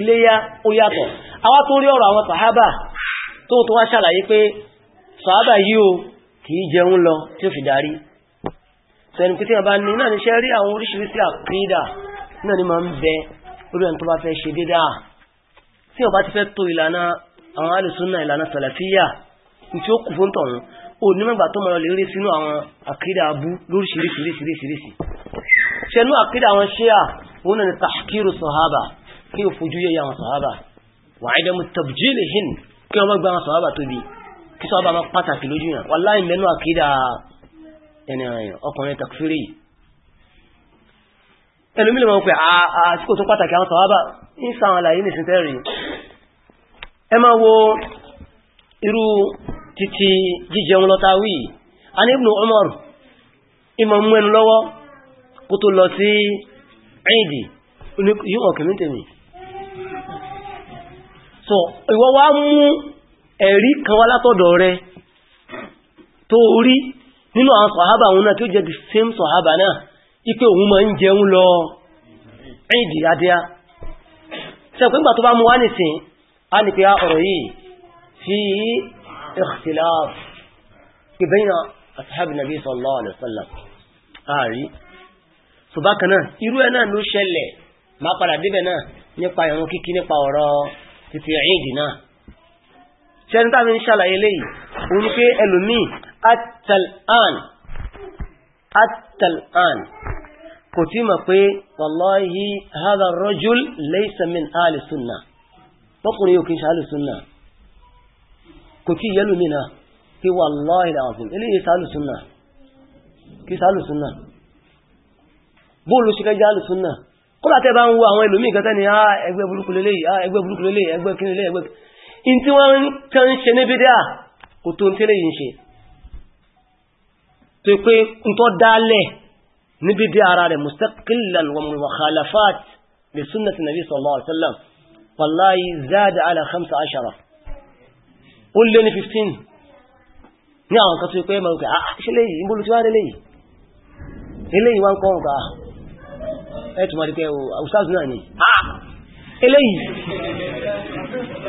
iléyá ó yàtọ̀ àwa tó rí ọ̀rọ̀ àwọn sàhábà tó tó wá ṣàlàyé pé sàhábà yìí o kìí jẹun lọ tí ó fi darí sẹ́ni pé tí wọ́n bá ní náà níṣẹ́ rí àwọn oríṣiríṣi àkídà náà ni máa ń bẹ lórí ẹni tó bá fẹ́ ṣe dédá tí wọ́n ti fẹ́ tó ìlànà àwọn alùsùnà ìlànà sàlàfíyà tí ó kù fún tọ̀hún onímọ̀gbà tó mọ̀rọ̀ lè rí sínú àwọn àkídà abú lóríṣìíríṣìíríṣìíríṣìí ṣẹnú àkídà àwọn ṣíà wọn ni tahkiru sahaba kí o fojú yẹ àwọn sahaba wà á dẹmu tabjili hin kí wọn gba àwọn sahaba tóbi kí sahaba máa pàtàkì lójú yàn wallahi mẹ́nu àkídà ọkùnrin takfiri ẹlòmílẹ̀ wọn pé àsìkò tó pàtàkì àwọn sahaba ń sàwọn àlàyé nìsíntẹ́rì ẹ máa wo irú Titi jíjẹun lọ́ta wí àní Ibn Umar ìmọ̀ mú ẹnu lọ́wọ́ kó tó lọ sí ẹ̀yìndì yíò kìí tèmi so ìwọ wá mú ẹ̀rí kan wá látọ̀dọ̀ rẹ tó rí nínú àwọn sọ̀hábà òun náà tí ó jẹ́ the same sọ̀hábà náà ipé òun máa ń jẹun lọ ẹ̀yìndì adíá sẹ́kùn ìgbà tó bá mú wá nìsìn á ní á ọ̀rọ̀ yìí fi اختلاف بين أصحاب النبي صلى الله عليه وسلم ààrí ṣùgbákan náà irú ẹ̀ náà ló ṣẹlẹ̀ má padà débẹ̀ náà nípa ìrun kíkí nípa ọ̀rọ̀ títí ẹ̀yìndì náà ṣẹ́ni tàbí ń ṣàlàyé léyìí o ní pé ẹlòmíì atal'an atal'an kò tí mọ̀ pé wallahi hadha rajul laysa min ahli sunnah tọkùnrin yóò kí ń ṣe ahli sunnah kò tí yẹ́lù mí náà kí wallahi alazim eléyìí sálùsúnnà kí sálùsúnnà bóòlù ṣe kẹjá alùsúnnà kọ́lá tẹ́ bá ń wo àwọn ẹlòmí ìgbẹ́tẹ́ ni ah, ẹgbẹ́ burúkú lélẹ̀ ah, ẹgbẹ́ burúkú lélẹ̀ ẹgbẹ́ kí lélẹ̀ ẹgbẹ́ in tí wọ́n ń tán ṣe ní bídá kò tó ń tẹ́lẹ̀ yìí ṣe tó pé ń tọ́ dálẹ̀ ní bídá ara rẹ̀ mustaqillan wallahi zada ala 15 ó lé ní 15 ní àwọn kan tó pé mọ̀ pé ah, ṣílẹ̀ yìí ìbólú tí wá rẹ̀lẹ̀ yìí eléyìí wá ń kọ́ ọ̀gá ah,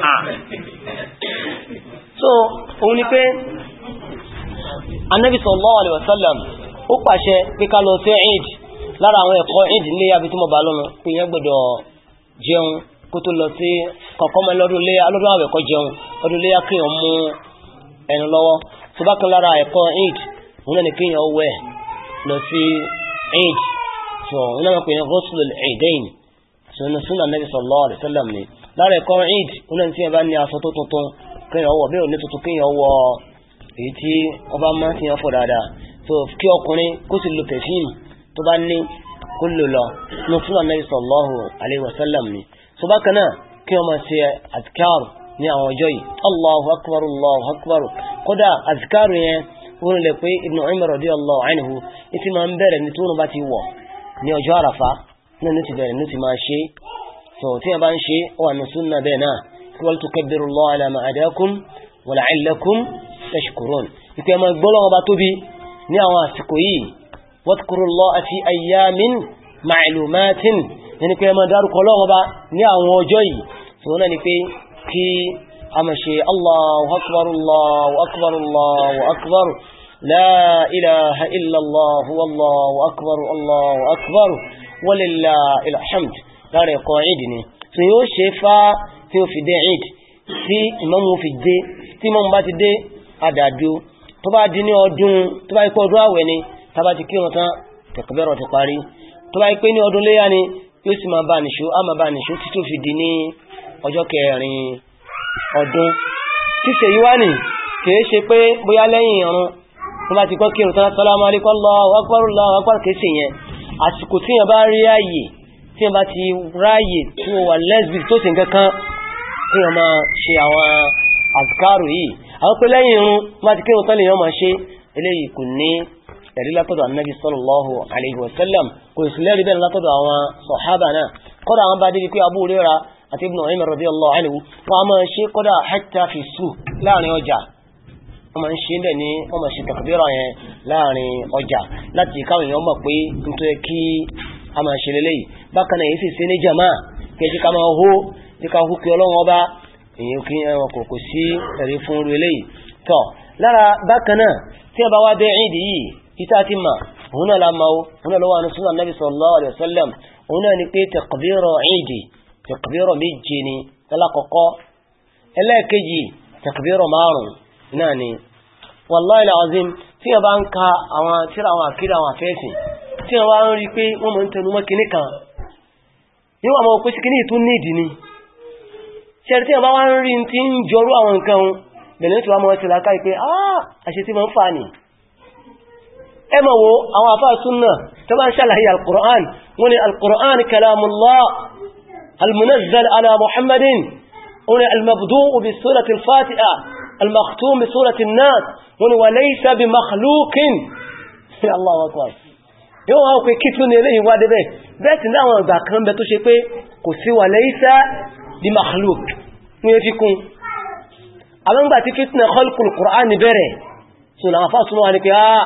ah, so òun ni pé Ànábì sallallahu alaihi wasallam ó pàṣẹ pé ká lọ sí Eid lára àwọn ẹ̀kọ́ Eid nílé abitúmọ̀ bá lọ́nà pé yẹn gbọ́dọ̀ jẹun kó tó lọ sí kọ̀ọ̀kan máa lọ́dún léyà lọ́dún àwẹ̀ kọ́ jẹun ọdún léyà kéèyàn mú ẹnu lọ́wọ́ tó bá kan lára ẹ̀kọ́ eid òun náà ni kéèyàn wẹ̀ lọ sí eid tó òun náà pè ní ghusl eidain tó ní sunna nabi sallallahu alaihi wasallam ni lára ẹ̀kọ́ eid òun náà ni tíyẹn bá ní aṣọ tó tuntun kéèyàn wọ̀ bẹ́ẹ̀ òní tuntun kéèyàn wọ̀ èyí tí wọ́n bá máa ń tiyan dáadáa tó kí so bákan náà kí wọ́n máa ṣe àtikáàrù ní àwọn ọjọ́ yìí allahu akbar allahu akbar kódà àtikáàrù yẹn wọ́n lè pé ibn umar radiyallahu anhu ìtì máa ń bẹ̀rẹ̀ ní tóun bá ti wọ̀ ní ọjọ́ àràfà náà ní ti bẹ̀rẹ̀ ní ti máa ṣe so tí a bá ń ṣe wà ní súnà bẹ́ẹ̀ náà wal tukabbiru allaha ala lọ́wọ́ bá tóbi ní àwọn àsìkò ẹni pé ẹmọ dárúkọ lọ́wọ́ bá ní àwọn ọjọ́ yìí tí wọ́n náà ni pé kí a mọ̀ ṣe Allahu akbar Allahu akbar Allahu akbar la ilaha illallah wallahu akbar Allahu akbar walillahil hamd láàrin ẹ̀kọ́ ìdí ni tí yóò ṣe fá tí ó fi dé ìdí tí ìmámù fi dé tí ìmámù bá ti yóò sì máa bá nìṣó á máa bá nìṣó títí ó fi di ní ọjọ́ kẹrin ọdún ṣíṣe yìí wá nì kìí ṣe pé bóyá lẹ́yìn irun tó bá ti kọ́ kírun tán sálámù aláìkùm Allahu akbar Allahu akbar kìí ṣe yẹn àsìkò tí yẹn bá rí ààyè tí yẹn bá ti ráàyè tí ó wà lẹ́sbì tó sì kankan tí yẹn máa ṣe àwọn àzùkárù yìí àwọn pé lẹ́yìn irun tó bá ti kírun tán lè yẹn máa ṣe eléyìí kò ní ẹ̀rí látọ̀dọ̀ annabi sallallahu alaihi wasallam kò sì lẹ́rí bẹ́ẹ̀ látọ̀dọ̀ àwọn sọ̀hábà náà kọ́dà àwọn bá débi pé Abu Hurairah àti ibn Umar radiyallahu anhu wọ́n máa ṣe kọ́dà hatta fi su láàrin ọjà wọ́n máa ń ṣe bẹ́ẹ̀ ní wọ́n máa ṣe takbira yẹn láàrin ọjà láti káwọn èèyàn mọ̀ pé nítorí kí a máa ṣe lélẹ́yìí bákan náà èyí sì ní jama kẹjí kí títà ti mà òun náà lámáwó òun náà lọ́wọ́ anúsùn ànábì sallallahu alaihi wasallam òun náà ni pé takbira ìdì takbira méje ni lálákọ̀ọ́kọ́ ẹlẹ́ẹ̀kejì takbira márùn-ún náà ni wallahi alazim tí wọ́n bá ń ka àwọn tíra àwọn àkírí àwọn àfẹ́sìn tí wọ́n bá ń rí pé wọ́n mọ̀ ń tẹnu mọ́ kinní kan ní mọ̀ pé sí kinní ìtún nídìí ni ṣẹ́rí tí wọ́n bá wá ń rí ti ń jọrú àwọn nǹkan bẹ̀rẹ̀ ah, tí wọ́n mọ̀ ti láká pé àṣetí mọ̀ ń fà nìí ẹmọ wo àwọn àfáà súnnà tó bá ń ṣàlàyé alkùrán wọ́n ni alkùrán kalamullah almunazzal ala muhammadin wọ́n ni almabdu'u bi surati al-fatiha almakhtum bi surati an-nas wọ́n ni wa laysa bi makhluqin sí allahu akbar yóò wá pé kí tún ní eléyìí wá débẹ̀ bẹ́ẹ̀ tí láwọn ìgbà kan bẹ tó ṣe pé kò sí wa laysa bi makhluq ní efi kún àwọn ìgbà tí kí tún ẹ̀kọ́ kùrán bẹ̀rẹ̀ so làwọn afáà súnnà wà pé ah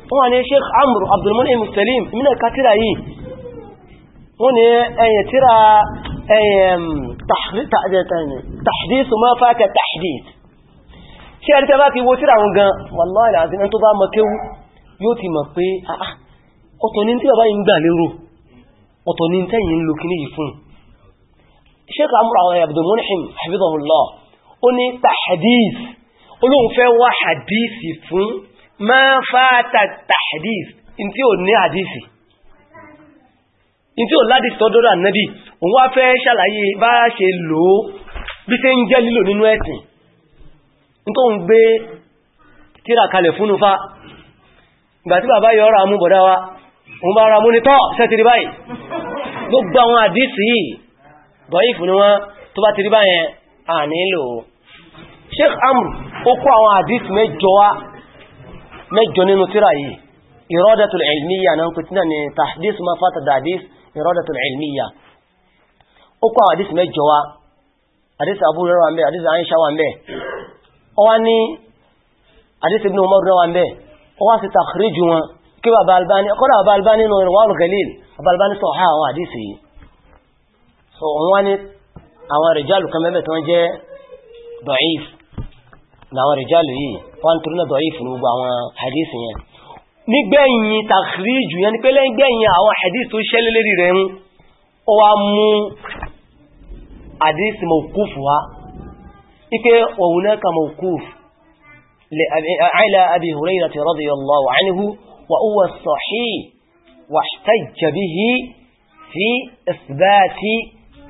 wọ́n ni sheikh amru abdulmunim salim mina katira yìí wọ́n ni ẹ̀yẹ tíra tahdithu ma faka tahdith ṣe ẹ̀rí tẹ́bá ti wo tíra wọn gan wallahi azim tó bá mọ kéwú yóò ti mọ̀ pé ọ̀tọ̀ ní tí bàbá yìí ń gbà lérò ọ̀tọ̀ ní tẹ́yìn ń lo kíní yìí fún ma fata tahdif inti o ní hadisi inti o ladi to dodo annabi òun wá fẹ́ ṣàlàyé bá lo lò bí ṣe ń jẹ́ lílò nínú ẹ̀sìn nto ń gbé funu fa ìgbà tí bàbá yo ra mu boda wa òun bá ra mu ni to ṣe ti rí báyìí gbogbo àwọn hadisi yìí doif ni wọ́n tó bá ti rí báyẹn a nílò Sheikh Amr ó kó àwọn hadisi mẹ́jọ wá mẹ́jọ nínú tíra yìí iradatul ilmiya náà kò tí náà ni tahdis ma fata dadis iradatul ilmiya ó kọ́ àwọn àdísì mẹ́jọ wa àdísì Abu Hurairah wà ń bẹ àdísì Aisha wà ń bẹ ó wá ní àdísì Ibn Umar wà ń bẹ ó wá sí takhriju wọn kí bàbá Albani kọ́dà bàbá Albani nù Irwaul Galil bàbá Albani sọ ha àwọn àdísì yìí so wọn wá ní àwọn rijalu kan mẹ́bẹ̀ tó ń jẹ́ da'if làwọn rìjálù yìí wọ́n torí náà dọ̀yí fún gbogbo àwọn hadith yẹn nígbẹ̀yìn tàkìríjù yẹn ni pé lẹ́gbẹ̀yìn àwọn hadith tó ṣẹlẹ̀ lérí rẹ̀ ń ó wá mú hadith mawquf wá ike wa hunaka mawquf ala abi hurayrata radiyallahu anhu wa huwa sahih wahtajja bihi fi isbati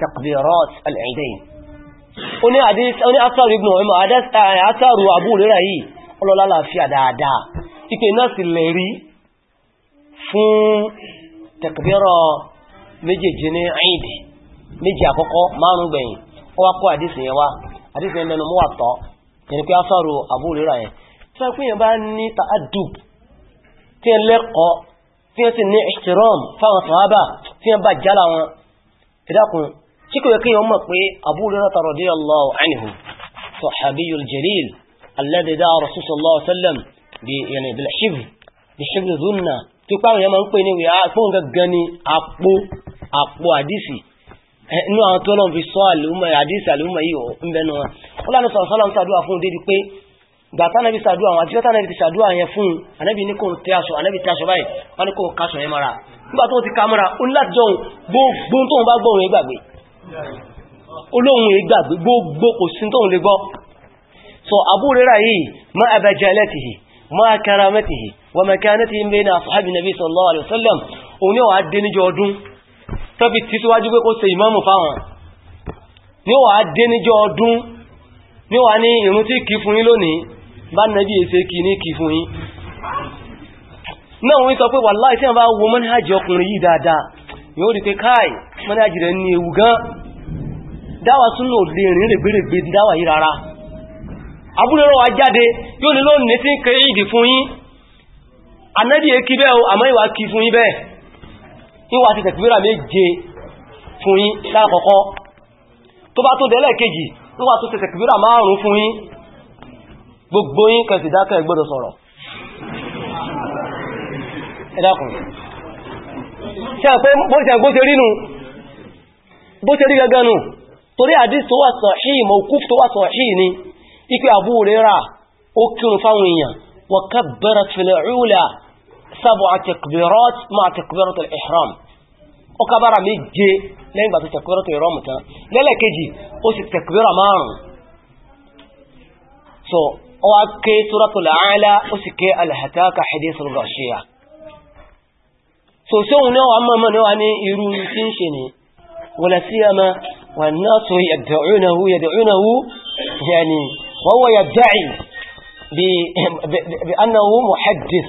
taqdirat al-'idayn ó ní asáàrù ibn ọmọ asáàrù àbúrẹ́rà yìí ọlọ́lá láàfíà dáadáa ipé náà sì lè rí fún tẹ̀kẹ̀bẹ̀rọ méjèèjì ní àyídì méjì àkọ́kọ́ márùn gbẹ̀yìn ó wá kó àdísì yẹn wá àdísì yẹn mẹ́nu mọ́wà tọ́ yẹni pé asáàrù àbúrẹ́rà yẹn tí ta'adub tí wọ́n lẹ́kọ̀ọ́ tí wọ́n sì ní ihtiram fáwọn sàhábà tí tí kò yẹ kí wọ́n mọ̀ pé Abu Hurairah radiyallahu anhu sahabiyul jalil alladhi da'a rasul sallallahu alaihi wasallam bi yani bil hifz bi hifz dhunna tí pàwọn yẹn máa ń pè ní wíyá ah, pọ́n gangan ni àpò àpò àdìsí eh, inú àwọn tó lọ́n fi sọ àlùmọ̀ àdìsí àlùmọ̀ yìí ń bẹnu wọn wọn lánàá sọ̀rọ̀ sọ́lá ń sàdúrà fún un débi pé gbàtà náà fi sàdúrà wọn àti fẹ́tà náà fi sàdúrà yẹn fún un ànábì ní kò ń tẹ aṣọ ànábì tẹ aṣọ báyìí wọn ni kò ń kaṣọ yẹn mọ́ra nígbà tó ti ká ó ní láti jọun gbóhùn tó ń bá gbóhùn yẹn gbàgbé olóhun ìgbàgbé gbogbo kò sí tóhun lè gbọ́ so Abu yìí ma abajalatihi ma karamatihi wa makanatihi bayna ashabi nabi sallallahu alaihi wasallam òun yóò wá dé níjọ bá nàbí èsè kìí ní kìí fún yín náà wọ́n sọ mọ́nájì rẹ̀ ní ewu gan dáwà súnà ò lè rìn rẹ̀gbẹ̀rẹ̀gbẹ̀ dáwà yìí rárá abúlọ́rọ̀ wa jáde yóò ní lónìí tí ń kẹ ìdì fún yín anábì ekí bẹ́ o àmọ́ ìwà kí fún yín bẹ́ẹ̀ ìwà ti tẹ̀kìbíra méje fún yín láàkọ́kọ́ tó bá tó dẹ́lẹ̀ kejì ìwà tó tẹ̀kìbíra márùn fún yín gbogbo yín kẹsì dákẹ́ ẹ gbọ́dọ̀ sọ̀rọ̀ bó ṣe rí gaganu torí àdís tó wà sahih mawquf tó wà sahih ni ipé Abu Huraira ó kírun fáwọn èèyàn wa kabbara fil ula sab'a takbirat ma'a takbirat al-ihram ó kábára méje lẹ́yìn ìgbà tó takbirat al-ihram tán lẹ́lẹ́kejì ó sì takbira márùn so ó wá ké suratul a'la ó sì so sí òun náà wà mọ́mọ́ ni ولا سيما والناس يدعونه يدعونه يعني وهو يدعي بأنه محدث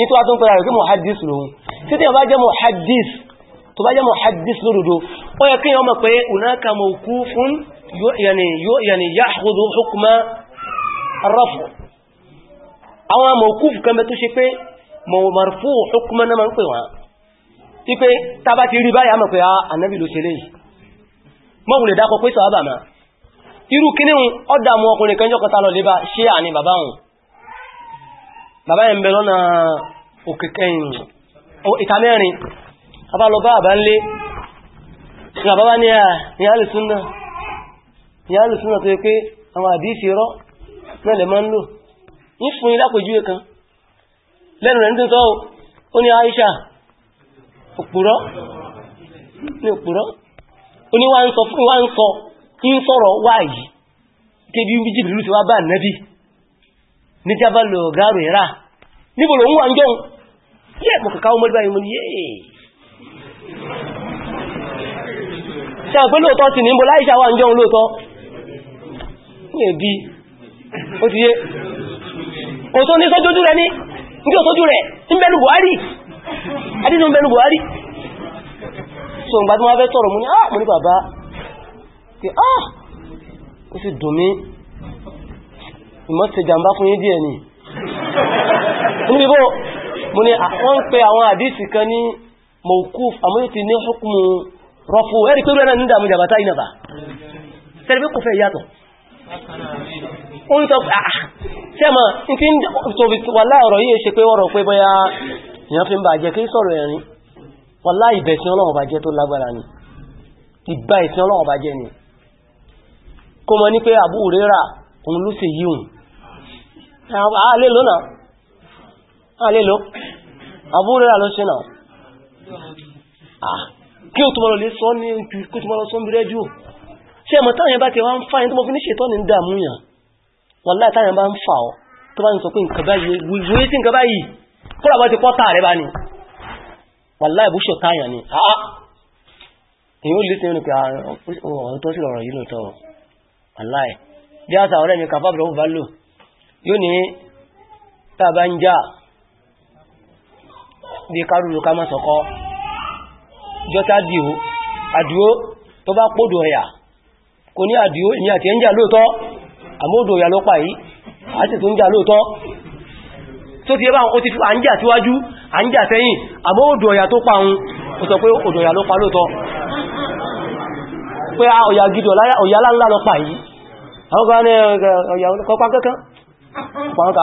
إنتوا عارفين كل هذا محدث له كده بقى محدث تبقى جا محدث له دو ويكون يوم كوي هناك موقوف يعني يعني يأخذ حكم الرفع أو موقوف كما تشوفه مرفوع حكمنا من قوى ipe taba tàbá ti ha báyà mọ̀ pé a ah, ànábì ló ṣe léyìí mọ́wùlẹ̀ dákọ pé sọ́ábà máa irú kíní ọdá mọ́ ọkùnrin kan jọ́kọta lọ lébá ṣe àní bàbá hùn bàbá yẹn bẹ lọ́nà òkèkẹ́yìn ìtàmẹ́rin lọ òpùrọ́ ní òpùrọ́ oní wá ń sọ fún wá ń sọ tí ń sọ̀rọ̀ wá yìí kébí jíbì lúlù tí wá bá nẹ́bí ní tí a bá lò gáàrù ìrà níbo lòun wà ń jọun yẹ́ mọ̀ kàkà ọmọdé báyìí mo ní yéè ṣe àpé lóòtọ́ sí níbo láìṣà wà ń jọun lóòtọ́ ní ẹ̀bí ó ti yé kò tó ní sójójú rẹ ní ní òtójú rẹ ń bẹ́nu Buhari àdínú bẹnu buhari so n bá tí wọ́n fẹ́ tọrọ mú ní ah mú ní bàbá ah ó sì dùn mí ìmọ̀ ti jàmbá fún yín díẹ̀ ni mú ní bó mú ní ah! wọ́n ń pe àwọn àdísì kan ní mọ̀kúf àmúyí ti ní hukumu rọ́fù ẹ̀rí pé rẹ̀ ní ìdàmú jàbátá ìnàbà tẹ́lẹ̀ pé kò fẹ́ yàtọ̀ ó ń sọ pé àà tẹ́mà ní kí ń tó wà láàrọ̀ yìí ṣe pé wọ́rọ̀ pé bọ́yá èèyàn fi ń bàjẹ́ kí sọ̀rọ̀ ẹ̀rin wọ́n láì bẹ̀sìn ọlọ́run bàjẹ́ tó lágbára ni ti bá ìsìn ọlọ́run bàjẹ́ ni kó mọ ní pé Abu Huraira òun ló sì yíhùn àálè ló náà àálè ló Abu Huraira ló ṣe náà ah, kí o túnmọ̀ lọ lè sọ ní kí o túnmọ̀ lọ sọ ń bí rẹ́díò ṣe mọ̀ táwọn yẹn bá ti wá ń fà yẹn tó mọ̀ fi ní ṣètọ́ ní dààmú yàn wọ́n láì táwọn bá ń fà ọ́ tó bá ń sọ pé nǹkan báyìí kúrò ti pọ́ta rẹ̀ bá ní wàláì bú ṣọ̀tá àyàn ni àá èyí ó lè tẹ́ nípa àwọn tó sì rọrọ̀ yìí wàláì bí a sàwọn ẹ̀mí bá lò yóò ní tàbá ń já bí kárùrù ká má sọ̀kọ́ jọta dìó àdúó tó bá pòdò ẹ̀yà kò ní àdúó ìyà ló pa ń lóòótọ́ tó ti yẹ báwọn ó ti fún àǹjà tíwájú àǹjà tẹ́yìn àmọ́ òdò ọ̀yà tó pa òun ó sọ pé òdò ọ̀yà ló pa lóòtọ́ pé a ọ̀yà gidi ọ̀yà láńlá lọ pa yìí àwọn kan ní ọ̀yà kọpa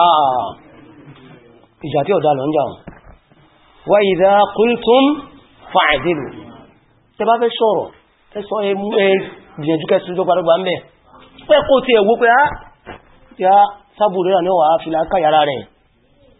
ah, tí wa idha qultum fa'dilu tẹ bá fẹ́ sọ̀rọ̀ ẹ sọ ẹ gbìyànjú kẹsùn tó gbàdọ́gbà ń bẹ̀ pẹ́ kó ti ẹ̀wó pé ah, á sábùrẹ́rà ní ọ̀wà fi lákàyàrá rẹ̀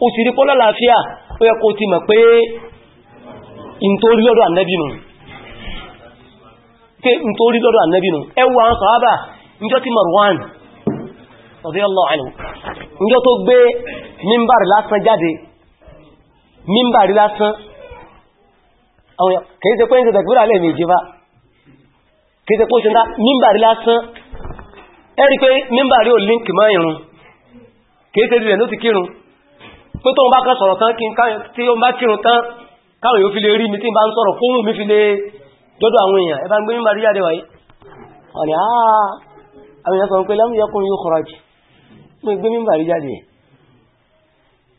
ó sì rí pọ́lá láàáfíà ó yẹ kó ti mọ̀ pé nítorí lọ́dọ̀ ànẹ́bìnù pé nítorí lọ́dọ̀ ànẹ́bìnù ẹwọ àwọn sọ̀hábà níjọ́ tí Marwan níjọ́ tó gbé mímbàrí lásán jáde mímbàrí lásán pé pé tó ń bá kan sọ̀rọ̀ kan tí ó ń bá kírun tán káwọn yóò fi lè rí mi tí ń bá ń sọ̀rọ̀ fóònù mi fi lè dọ́dọ̀ àwọn èèyàn ẹbá ń gbé mímọ̀ rí àdẹ́wà yìí wọ́n ni àà àwọn èèyàn sọ̀rọ̀ pé lámúyẹ́kùnrin yóò kọ̀rọ̀ jù mú gbé mímọ̀ rí jáde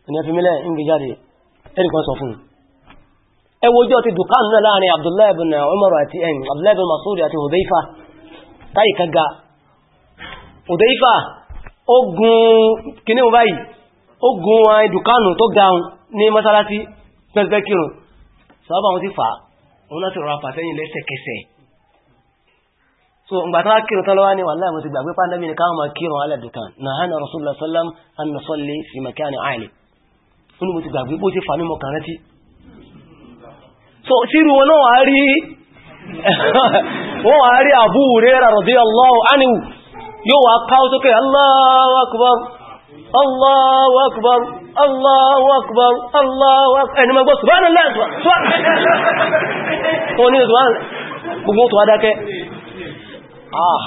ẹni ẹ̀fí mílẹ̀ sọ fún un ẹ wojọ́ ti dùkán náà báyìí ó gun àwọn ìdùkánù tó gaun ní mọ́sálásí pẹ́sẹ́kìrùn sọ́bà wọn ti fà òun láti rọra pàtẹ́yìn lẹ́sẹ̀kẹsẹ̀ so ìgbà tó wá kírun tán lọ́wọ́ ní wàhálà mo ti gbàgbé pàdánù ní káwọn máa kírun alẹ́ dùkán nahana rasulullah sallam an nusalli fi makani àìlè ó ní mo ti gbàgbé bó ti fà ní mọ̀kàn rántí so sírù wọn náà wàá rí wọ́n wàá rí Abu Hurairah radiyallahu anhu yóò wàá káwọ́ sókè Allahu akbar Allahu akbar Allahu akbar Allahu akbar ẹni mọ́gbọ́ subhanallah gbogbo tó wá dákẹ́ ah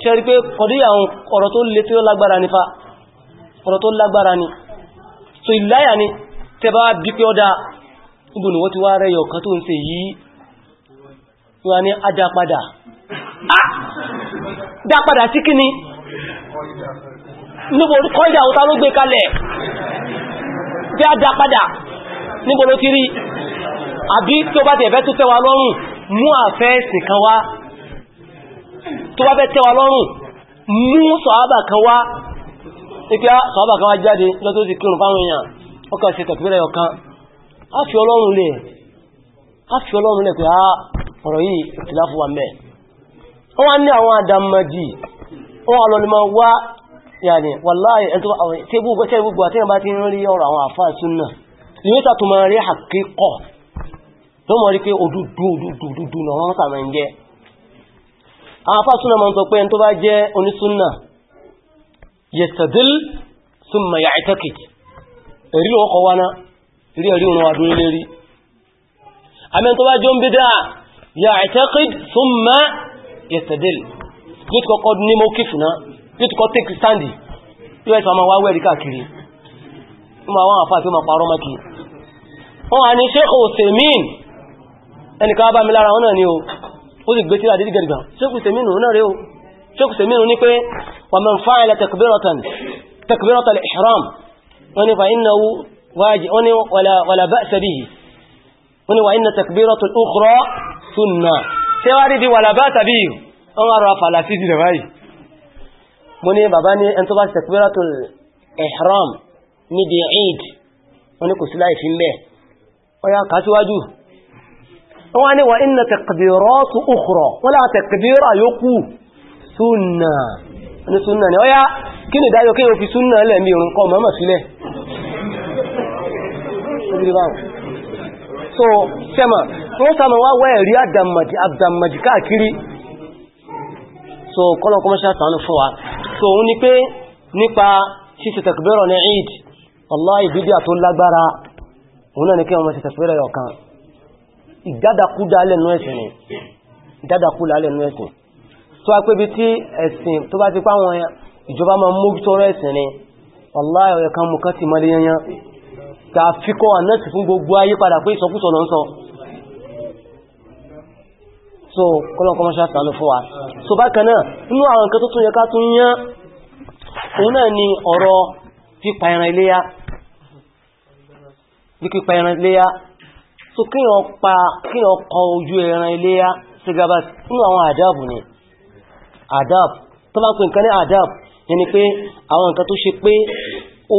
ṣẹ́rí pé kọ̀dí àwọn ọ̀rọ̀ tó lè tí ó lágbára ní fa ọ̀rọ̀ tó lágbára ní so ìláyà ni tẹba bí pé ọdá gbogbo ni wọ́n ti wá rẹ̀ yọ̀ kan tó ń ṣe yìí wọ́n ah! ni adápadà ah dápadà sí kíni níbo kọ́ ìdà òta ló gbé kalẹ̀ bí a dá padà níbo ló ti rí àbí tó bá tẹ̀fẹ́ tó tẹ́wa lọ́rùn mú àfẹ́ẹ̀sì kan wá tó bá fẹ́ tẹ́wa lọ́rùn mú sọ̀hábà kan wá ah, wá jáde lọ́tọ́ ti kírùn fáwọn èèyàn ọ̀kan a a ah, ní yàní wàláyé ẹ̀tọ́ tẹ́bù gbẹ́sẹ̀ gbogbo àti ẹ̀bá ti ń rí ọ̀rọ̀ àwọn àfáà súnà yóò tàtù máa rí àkíkọ̀ tó mọ̀ rí pé òdúdú òdúdú náà wọ́n sàmà ń jẹ́ àwọn àfáà súnà máa ń sọ pé ẹni tó bá jẹ́ onísúnà yẹ̀sẹ̀dìl súnmà yà ìtẹ́kì ẹ̀rí ọkọ̀ wá náà rí ẹ̀rí yóò ti kọ́ take stand yóò ẹ̀sọ́ ma wá wẹ́rí káàkiri ó ma wọ́n àfà tí ó ma parọ́ mọ́kí wọ́n a ní Sheikh Usaimin ẹnìkan bá mi lára wọn náà ni o ó sì gbé sí àdídí gẹ̀rẹ̀gbà Sheikh Usaimin náà rẹ̀ o Sheikh Usaimin ní pé wa man fa'ala takbiratan takbirata al-ihram wọ́n ni fa innahu wajib wọ́n ni wala mo ní bàbá ní ẹni tó bá takbiratul ihram níbi eid wọ́n ní kò sí láì fi mẹ́ ọya kásíwájú wọ́n ní wà inna takbiratu ukhra wọ́n láà takbira yókù súnà ní súnà ni ọya kí ni dáyọ kí o fi súnà lẹ́mí so sẹ́mà wọ́n sàmà wá wẹ́ ẹ̀rí àdàmàjì so kọ́lọ̀kọ́mọ́ṣà sànú fún wa so òun ni pé nípa ṣíṣe takbira ní eid wallahi bídíà tó lágbára òun náà ni kí ọmọ ṣe takbira yọkan ìdádakúdá lẹ́nu ẹ̀sìn ni ìdádakúdá lẹ́nu ẹ̀sìn tó wá pé bí tí ẹ̀sìn tó bá ti páwọn ìjọba máa mójútọ́rọ̀ ẹ̀sìn ni wallahi ọ̀yẹ̀kan so kọ́lọ́kọ́ mọ́ṣá tàánú fún wa so bákan náà inú àwọn nǹkan tó tún yẹ ká tún yán òun náà ni ọ̀rọ̀ pípa ẹran iléyá bí so kíyàn pa kíyàn kọ ojú ẹran iléyá sí gaba inú àwọn àdáàbù ni àdáàbù tó bá ń pè nǹkan ní àdáàbù yẹn ni pé àwọn nǹkan tó ṣe pé ó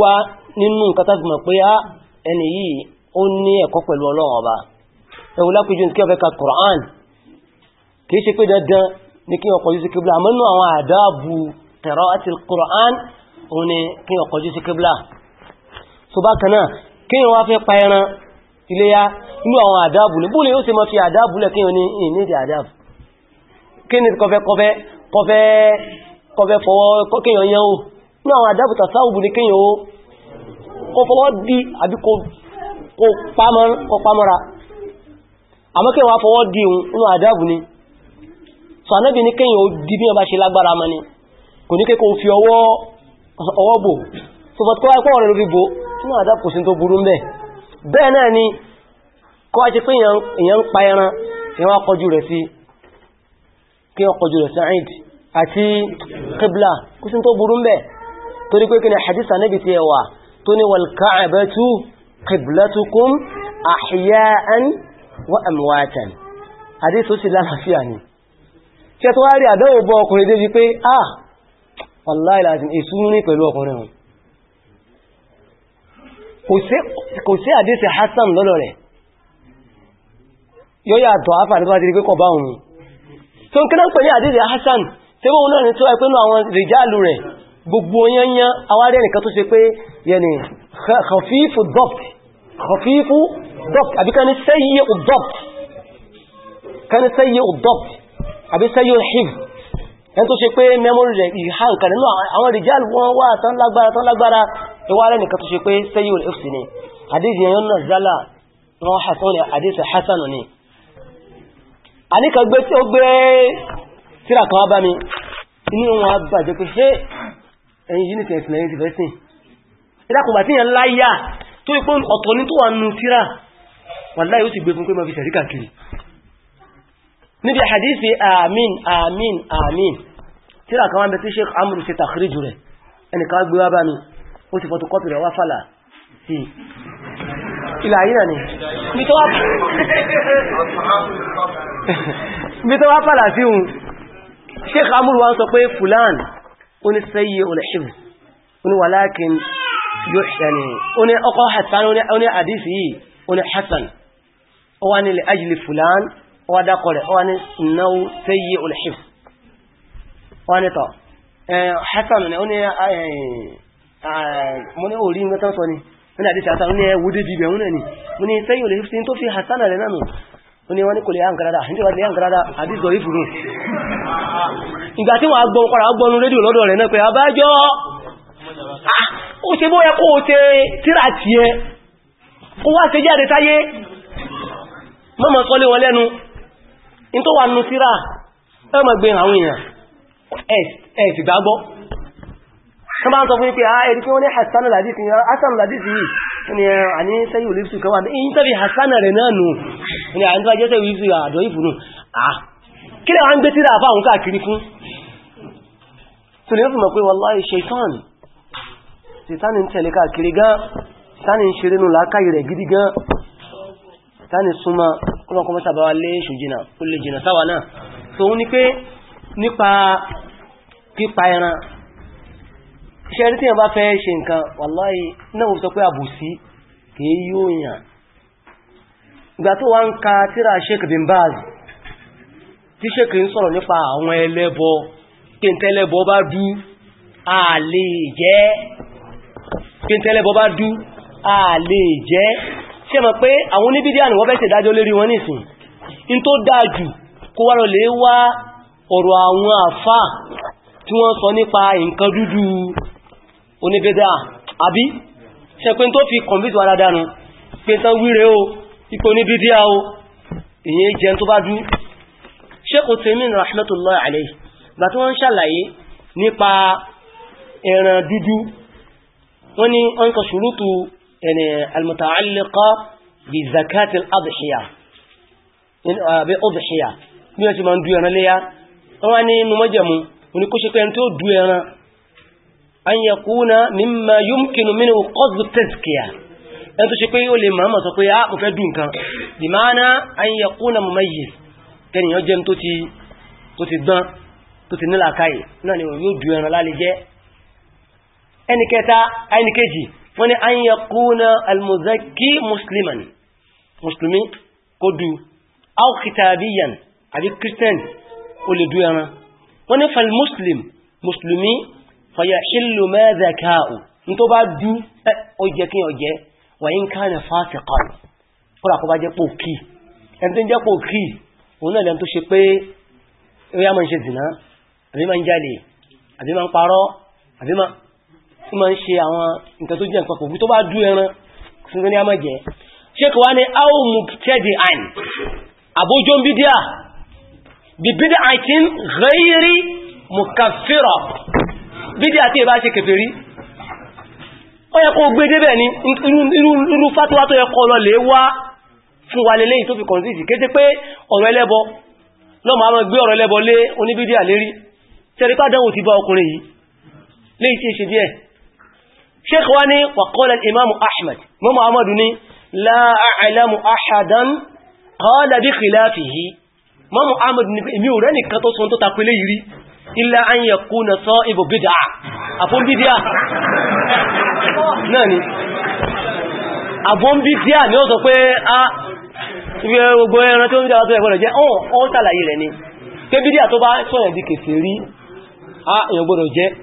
wá nínú nǹkan tá pé á ah, ẹni yìí ó ní ẹ̀kọ́ pẹ̀lú ọlọ́run ọba ẹ̀wọ̀n lápẹjù ní kí wọ́n fẹ́ ka Qur'an kìí ṣe pé dandan ní kí wọ́n kọjú sí kíblà àmọ́nú àwọn àdáàbù qira'ati al-Qur'an òun ni kí wọ́n kọjú sí kíblà so bákan náà kí wọ́n wá fẹ́ pa ẹran iléyá inú àwọn àdáàbù ní bóòlù yóò ṣe máa fi àdáàbù lẹ̀ kí wọ́n ní ìnídì kí ni kọfẹ́ kọfẹ́ kọfẹ́ kọfẹ́ fọwọ́ àmọ́ kí wọ́n fọwọ́ dí un inú àdábù ni so anábì ní kíyàn ó dí bí wọ́n bá ṣe lágbára ma ni kò ní kíkò fi ọwọ́ bò so bọ́ tó wáyé rẹ̀ lórí bò inú àdábù kò sí tó burú mẹ́ bẹ́ẹ̀ náà ni kọ́ wá ṣe pé èèyàn kí wọ́n kọjú rẹ̀ sí eid àti qibla kò sí tó burú tó ní wal ka'batu wọ́n àmúwàtàn àdíṣò sí lálàáfíà ni kí ẹ tó wá rí àdáwò bọ́ ọkùnrin débi pé ah wallahi lazim èsú ní pẹ̀lú ọkùnrin wọn kò sí àdíṣì hassan lọ́dọ̀ rẹ̀ yóò yàtọ̀ afà nípa ti rí pé kọ bá òun tó ń kí náà pè ní àdíṣì hassan tí wọ́n náà ní tó ẹ̀pẹ́ nú àwọn rìjálù rẹ̀ gbogbo yanyan awárẹ́ nìkan tó ṣe pé yẹni khafifu dhabt خفيف ضبط أبي كان سيء الضبط كان سيء الضبط أبي سيء الحفظ ẹn tó ṣe pé mẹ́mọ́rì rẹ̀ ìhá nǹkan nínú àwọn rijal wọn wà tán lágbára tán lágbára ìwà rẹ̀ nìkan tó ṣe pé sẹ́yìn ìfṣì ni àdíjì ẹ̀yọ́ náà zálà wọn hasan ni àdíjì hasan ni àníkà gbé tí ó gbé tíra kan bá mi inú wọn bàjẹ́ pé ṣé ẹ̀yìn yìí nìkan ìsìnlẹ̀ tó ipò ọ̀tọ̀ ní tó wà nù tíra wàláhì ó ti gbé fún pé ma fi sẹ̀rí kàkiri níbi hadisi amin amin amin tíra kan wá bẹ tí sheik amuru ṣe tàkìríjù rẹ̀ ẹnìkan gbé wá bá mi ó ti fọ́tọ̀kọ́pì rẹ̀ wá fàlà sí ilà ayé náà ni amuru wá ń sọ fulan ó ní sẹ́yẹ olùṣèlú ó ní yóò oní ọkọ̀ hassan oní àdísì yìí oní hassan ó wá ní lè ajílì fulan ó wá dákọ̀ rẹ̀ ó wá ní náwó tẹ́yẹ olùhif wá ní tọ́ hassan ní oní mo ní orí nǹkan sọ ni oní àdísì hassan oní ẹwúdé bíbẹ̀ oní ẹni mo ní tẹ́yẹ olùhif sí tó fi hassan rẹ̀ nánu oní wọn ní kò lè yá nígbà tí yá nǹkan dáadáa àdísì ìgbà tí wọn gbọ́n kọ́ra gbọ́n rédíò lọ́dọ̀ rẹ̀ náà pé abájọ́ Ah, ó ṣe o ṣe tíra ti ẹ ó wá ṣe jáde táyé mọ́mọ̀ sọ wọn lẹ́nu in tó wà nù tíra gbé àwọn èèyàn a ah, ẹ̀rí wọ́n ní hassan ladisi hassan ladisi ni a sẹ́yìn olífisù kan wà ní hassan rẹ̀ náà nù ní àwọn tó ah, ah ń gbé tíra fáwọn káàkiri fún sítánì ń tẹ̀lé káàkiri gan sítánì ń ṣeré nù láákàyè rẹ̀ gidi gan sítánì súnmọ́ kọ́mọkọ́mọ́ sábà wá lé èṣù jìnà ó lè jìnà sáwà náà tòun ni pé nípa pípa ẹran iṣẹ́ rí tí yẹn bá fẹ́ ṣe nǹkan wàláhí náà sọ pé àbùsí kìí yóò yàn ìgbà tó wá ń ka tíra Sheikh bin Baz tí Sheikh ń sọ̀rọ̀ nípa àwọn ẹlẹ́bọ kí n tẹ́lẹ́bọ bá dú àlè jẹ́ kí n tẹ́lẹ̀ bọ́ bá dú a lè jẹ́ ṣe mọ̀ pé àwọn oníbídíà ni wọ́n bẹ́ẹ̀ tẹ̀dájọ́ lérí wọn nìsìn in tó dájú kó wá lọ lè wá ọ̀rọ̀ àwọn àfà tí wọ́n sọ nípa nǹkan dúdú oníbídíà àbí ṣe pé tó fi kọ̀mpútù ara dánú pé tán wíre o ipò oníbídíà o èyí jẹ tó bá dú Sheikh Uthaymeen rahmatullahi alayhi gbà tí wọ́n ń ṣàlàyé nípa ẹran dúdú wọ́n ní wọ́n ka ṣùrútù ẹni almutaalliqa bi zakatil adhiya àbí ah, adhiya bí wọ́n ti máa ń du ẹran léyà wọ́n wá ní inú mọ́jẹ̀mú wọ́n ní kó ṣe pé ẹni tó du ẹran an yakuna mimma yumkinu minhu qaddu tazkiya ẹni tó ṣe pé ó lè máa sọ pé a ah, kò fẹ́ du nǹkan bí máa ná an yakuna mumayyiz kẹ́niyàn jẹ́ tó ti dán tó ti nílàkàyè náà ni wọ́n yóò du ẹran lálẹ́ jẹ́ ẹni kẹta ẹni kejì wọ́n ni an yakuna almuzaki musliman musulmi kó du aw kitabiyan àbí christian ó lè du ẹran wọ́n ni fal muslim musulmi faya hillu mẹ́zẹ̀káù ní tó bá du ọjẹ́ kí ọjẹ́ wà yí ń ká ní fásitì kọ́lá kọ́ bá jẹ́ pò ẹni tó ń jẹ́ pò òun náà lẹ́nu tó ṣe pé ó yá máa ń ṣe zìnà àbí máa ń jalè àbí máa ń parọ́ àbí máa tí ma ń ṣe àwọn nǹkan tó jẹ́ nǹkan kò bí tó bá dú ẹran fúnfún ní àmọ́jẹ́ ṣe kò wá ní áwò mú tẹ́dì àìn àbójó ń bídíà bídíà àìkín gẹ́rí mùkàfíra bídíà tí ẹ bá ṣe kèfèrí ó yẹ kó gbé débẹ̀ ní irú fátúwá tó yẹ kọ́ lọ lè wá fún wa lélẹ́yìn tó fi kọ̀nsíìsì kété pé ọ̀rọ̀ ẹlẹ́bọ lọ́mọ àwọn gbé ọ̀rọ̀ ẹlẹ́bọ lé oníbídíà lérí tẹ́rípá ti bá ọkùnrin yìí léyìí tí ó ṣe díẹ̀ sheikh wa ni wa qala al-imam ahmad imam ahmad ni la a'lamu ahadan qala bi khilafihi imam ahmad ni mi ò rẹ́ni kan tó sọ tó takú eléyìí rí illa an yakuna sa'ibu bid'a afon bid'a nani afon bid'a ni ó sọ pé a ah, ibi gbogbo ẹran tó ń jà látọ̀ ẹgbọ́dọ̀ jẹ́ ọ́n tàlàyé rẹ̀ ni kébídíà tó bá sọ̀rọ̀ di ah,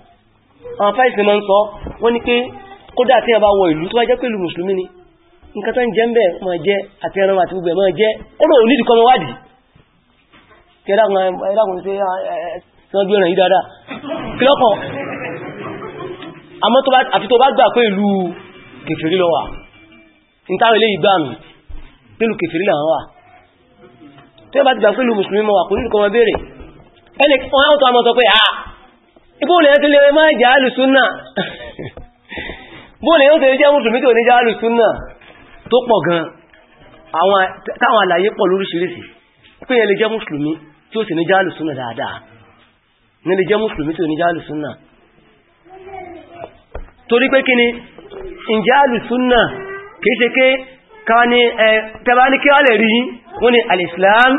àwọn fáìsì máa ń sọ wọ́n ní pé kódà tí wọ́n bá wọ ìlú tó wá jẹ́ pẹ̀lú mùsùlùmí ni nǹkan tó ń jẹ́ ń bẹ̀ máa jẹ́ àti ẹran àti gbogbo ẹ̀ máa jẹ́ kódà ò nídìí kọ́mọ wádìí tí ẹ̀dàkùn ṣe ẹ̀ẹ́sán gbé ẹ̀ràn yìí dáadáa kí lọ́kàn àmọ́ àfi tó bá gbà pé ìlú kèfèrí lọ wà nítawọ̀ ilé ìgbà nù pẹ̀lú kèfèrí làwọn wà tí wọ́n bá ti gbà pẹ̀lú mùsùlùmí mọ̀ wà kò nídìí kọ́mọ béèrè ẹnì wọ́n á tó àmọ́ sọ pé ah ibóòlù yẹn ti lè máa jẹ́ alùsúnà bóòlù yẹn ti lè jẹ́ mùsùlùmí tó ní jẹ́ alùsúnà tó pọ̀ gan táwọn àlàyé pọ̀ lóríṣìíríṣìí pé yẹn lè jẹ́ mùsùlùmí tí ó sì ní jẹ́ alùsúnà dáadáa ní lè jẹ́ mùsùlùmí tí ó ní jẹ́ alùsúnà torí pé kí ni ǹjẹ́ alùsúnà kìí ṣe ké káwà ní tẹbà ní kíwà lè rí wọ́n ni alìsìlám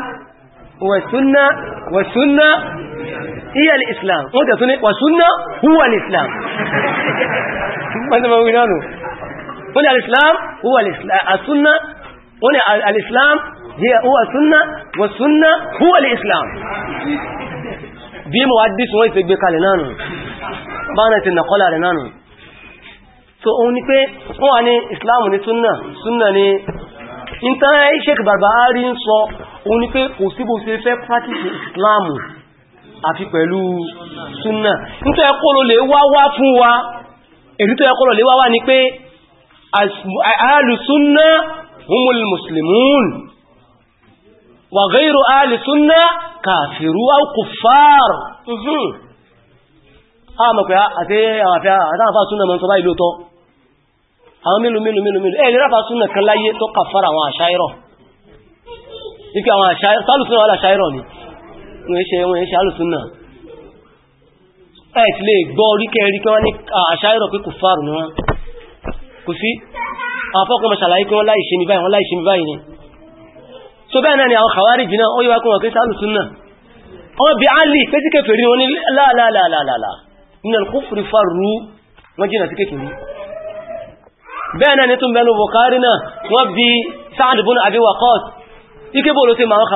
wọ̀súnà wọ̀súnà iya islam wọ́n tẹ̀ tún ní wàsúnná huwa islam wọ́n tẹ̀ mọ̀ wínánu wọ́n ni al-islam huwa al-sunna wọ́n ni al-islam huwa sunna wa sunna huwa al-islam bí mọ̀ adís wọ́n ìfẹ́ gbé kalẹ̀ nánu bá náà ti nàkọ́lá rẹ̀ nánu so òun ni pé wọ́n wà ní islam ní sunna sunna ni ìtàn Sheikh Barbahari ń sọ òun ni pé kò síbò sí fẹ́ practice islam àfi pẹ̀lú súnà nítọ́ ẹkọ́ ló lè wá wá fún wa èrí tó ẹkọ́ ló lè wá wá ní pé alùsúnà humul muslimun wà gairu alùsúnà kàfìrú aw kuffar àmọ̀pẹ̀ àti àtàfà súnà àwọn mélòó àwọn àṣáírọ̀ ní wọ́n ṣe wọ́n ṣe alùsùnà ẹ̀ tí lè gbọ́ oríkẹ́ rí kí wọ́n ní àṣáyọ̀rọ̀ pé kò fàrù ní wọ́n kò sí àfọ́kùn mọ̀ ṣàlàyé pé wọ́n láì ṣe mi báyìí wọ́n láì ṣe mi báyìí ni so bẹ́ẹ̀ náà ni àwọn kàwárí jìnà ó yíwá kún wọn pé sálùsùnà wọ́n bí alì pé sí kèfèrí wọn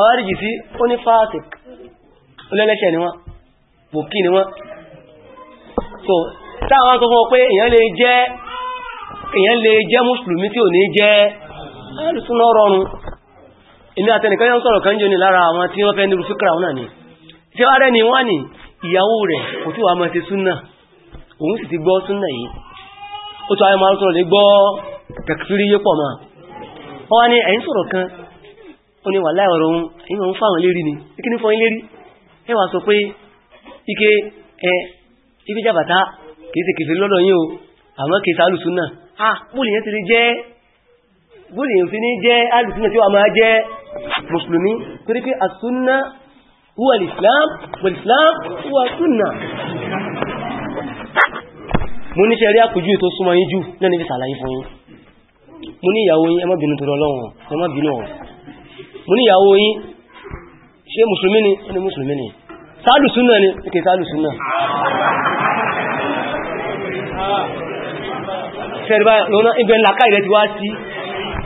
ni tún olẹ́lẹ́ṣẹ̀ ni wọ́n pòkí ni wọ́n so táwọn tó fún ọ pé èyàn lè jẹ́ èyàn lè jẹ́ mùsùlùmí tí ò ní jẹ́ alùsùn rọrùn inú àtẹnìkan yọ́n sọ̀rọ̀ kan jẹ́ ní lára àwọn tí wọ́n fẹ́ ní rufíkra ni tí wá rẹ̀ ni wọ́n ni ìyàwó rẹ̀ kò tí wà máa ṣe súnà òun sì ti gbọ́ súnà yìí ó tó ayé máa sọ̀rọ̀ ni ẹ̀yìn sọ̀rọ̀ kan ní wà láì ọ̀rọ̀ òun ẹ wà sọ pé ike ẹ ike jàbàtà kìí ṣe kìfèrí lọ́dọ̀ yín o àmọ́ kìí sàálùsùn náà ah bóòlù yẹn ti lè jẹ́ bóòlù yẹn fi ní jẹ́ alùsùn náà tí wà máa jẹ́ mùsùlùmí torí pé àsúnná huwa l'islam wal islam huwa súnà mo ní ṣe rí àpòjú ètò súnmọ́ yín jù náà níbi sàlàyé fún yín mo ní ìyàwó yín ẹ bínú torí ọlọ́run ẹ bínú ọ̀rọ̀ mo ní ìyàwó yín ṣé mùsùlùmí ni ó mùsùlùmí ni sáàlù súnà ni kì sáàlù súnà ṣẹ̀rìbá lọ́nà ibẹ̀ ńlá káìlẹ̀ ti wá sí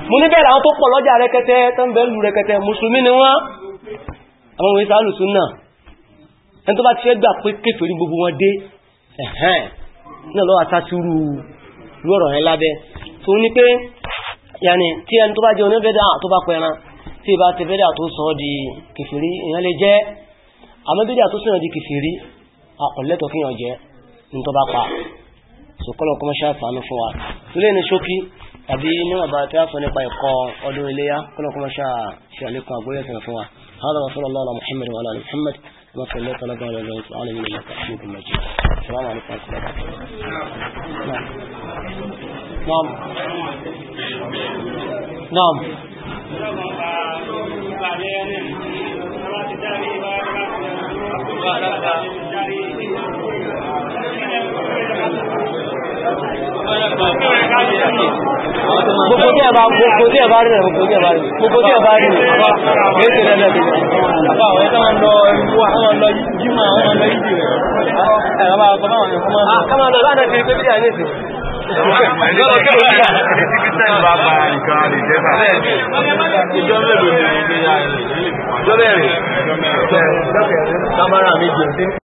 mú ní bẹ̀rẹ̀ àwọn tó pọ̀ lọ́jà rẹkẹtẹ tó ń bẹ̀ lù rẹkẹtẹ mùsùlùmí ni wọ́n àwọn òwe sáàlù súnà ẹni tó bá ti fẹ́ gbà pé kéfèé ní gbogbo wọn dé ẹ̀hẹ́n àmọ́ bídíà tó sọ̀rọ̀ di kìfìrí akọ̀lẹ́tọ̀ kí yàn jẹ́ nítorí bá pa sòkọ́lọ̀ kọ́mọ́ ṣàfàánú fún wa sílé ní ṣókí tàbí níwọ̀n bá tí a sọ nípa ẹ̀kọ́ ọdún iléyá kọ́lọ̀ kọ́mọ́ ṣàlékún àgbóyè sọ̀rọ̀ fún wa هذا رسول الله محمد وعلى محمد كما الله تعالى من السلام عليكم نعم نعم gbogbo tí ẹ bá gbogbo tí ìjọ mẹ́rin ni ìgbéyàwó ìjọ mẹ́rin kámárà méje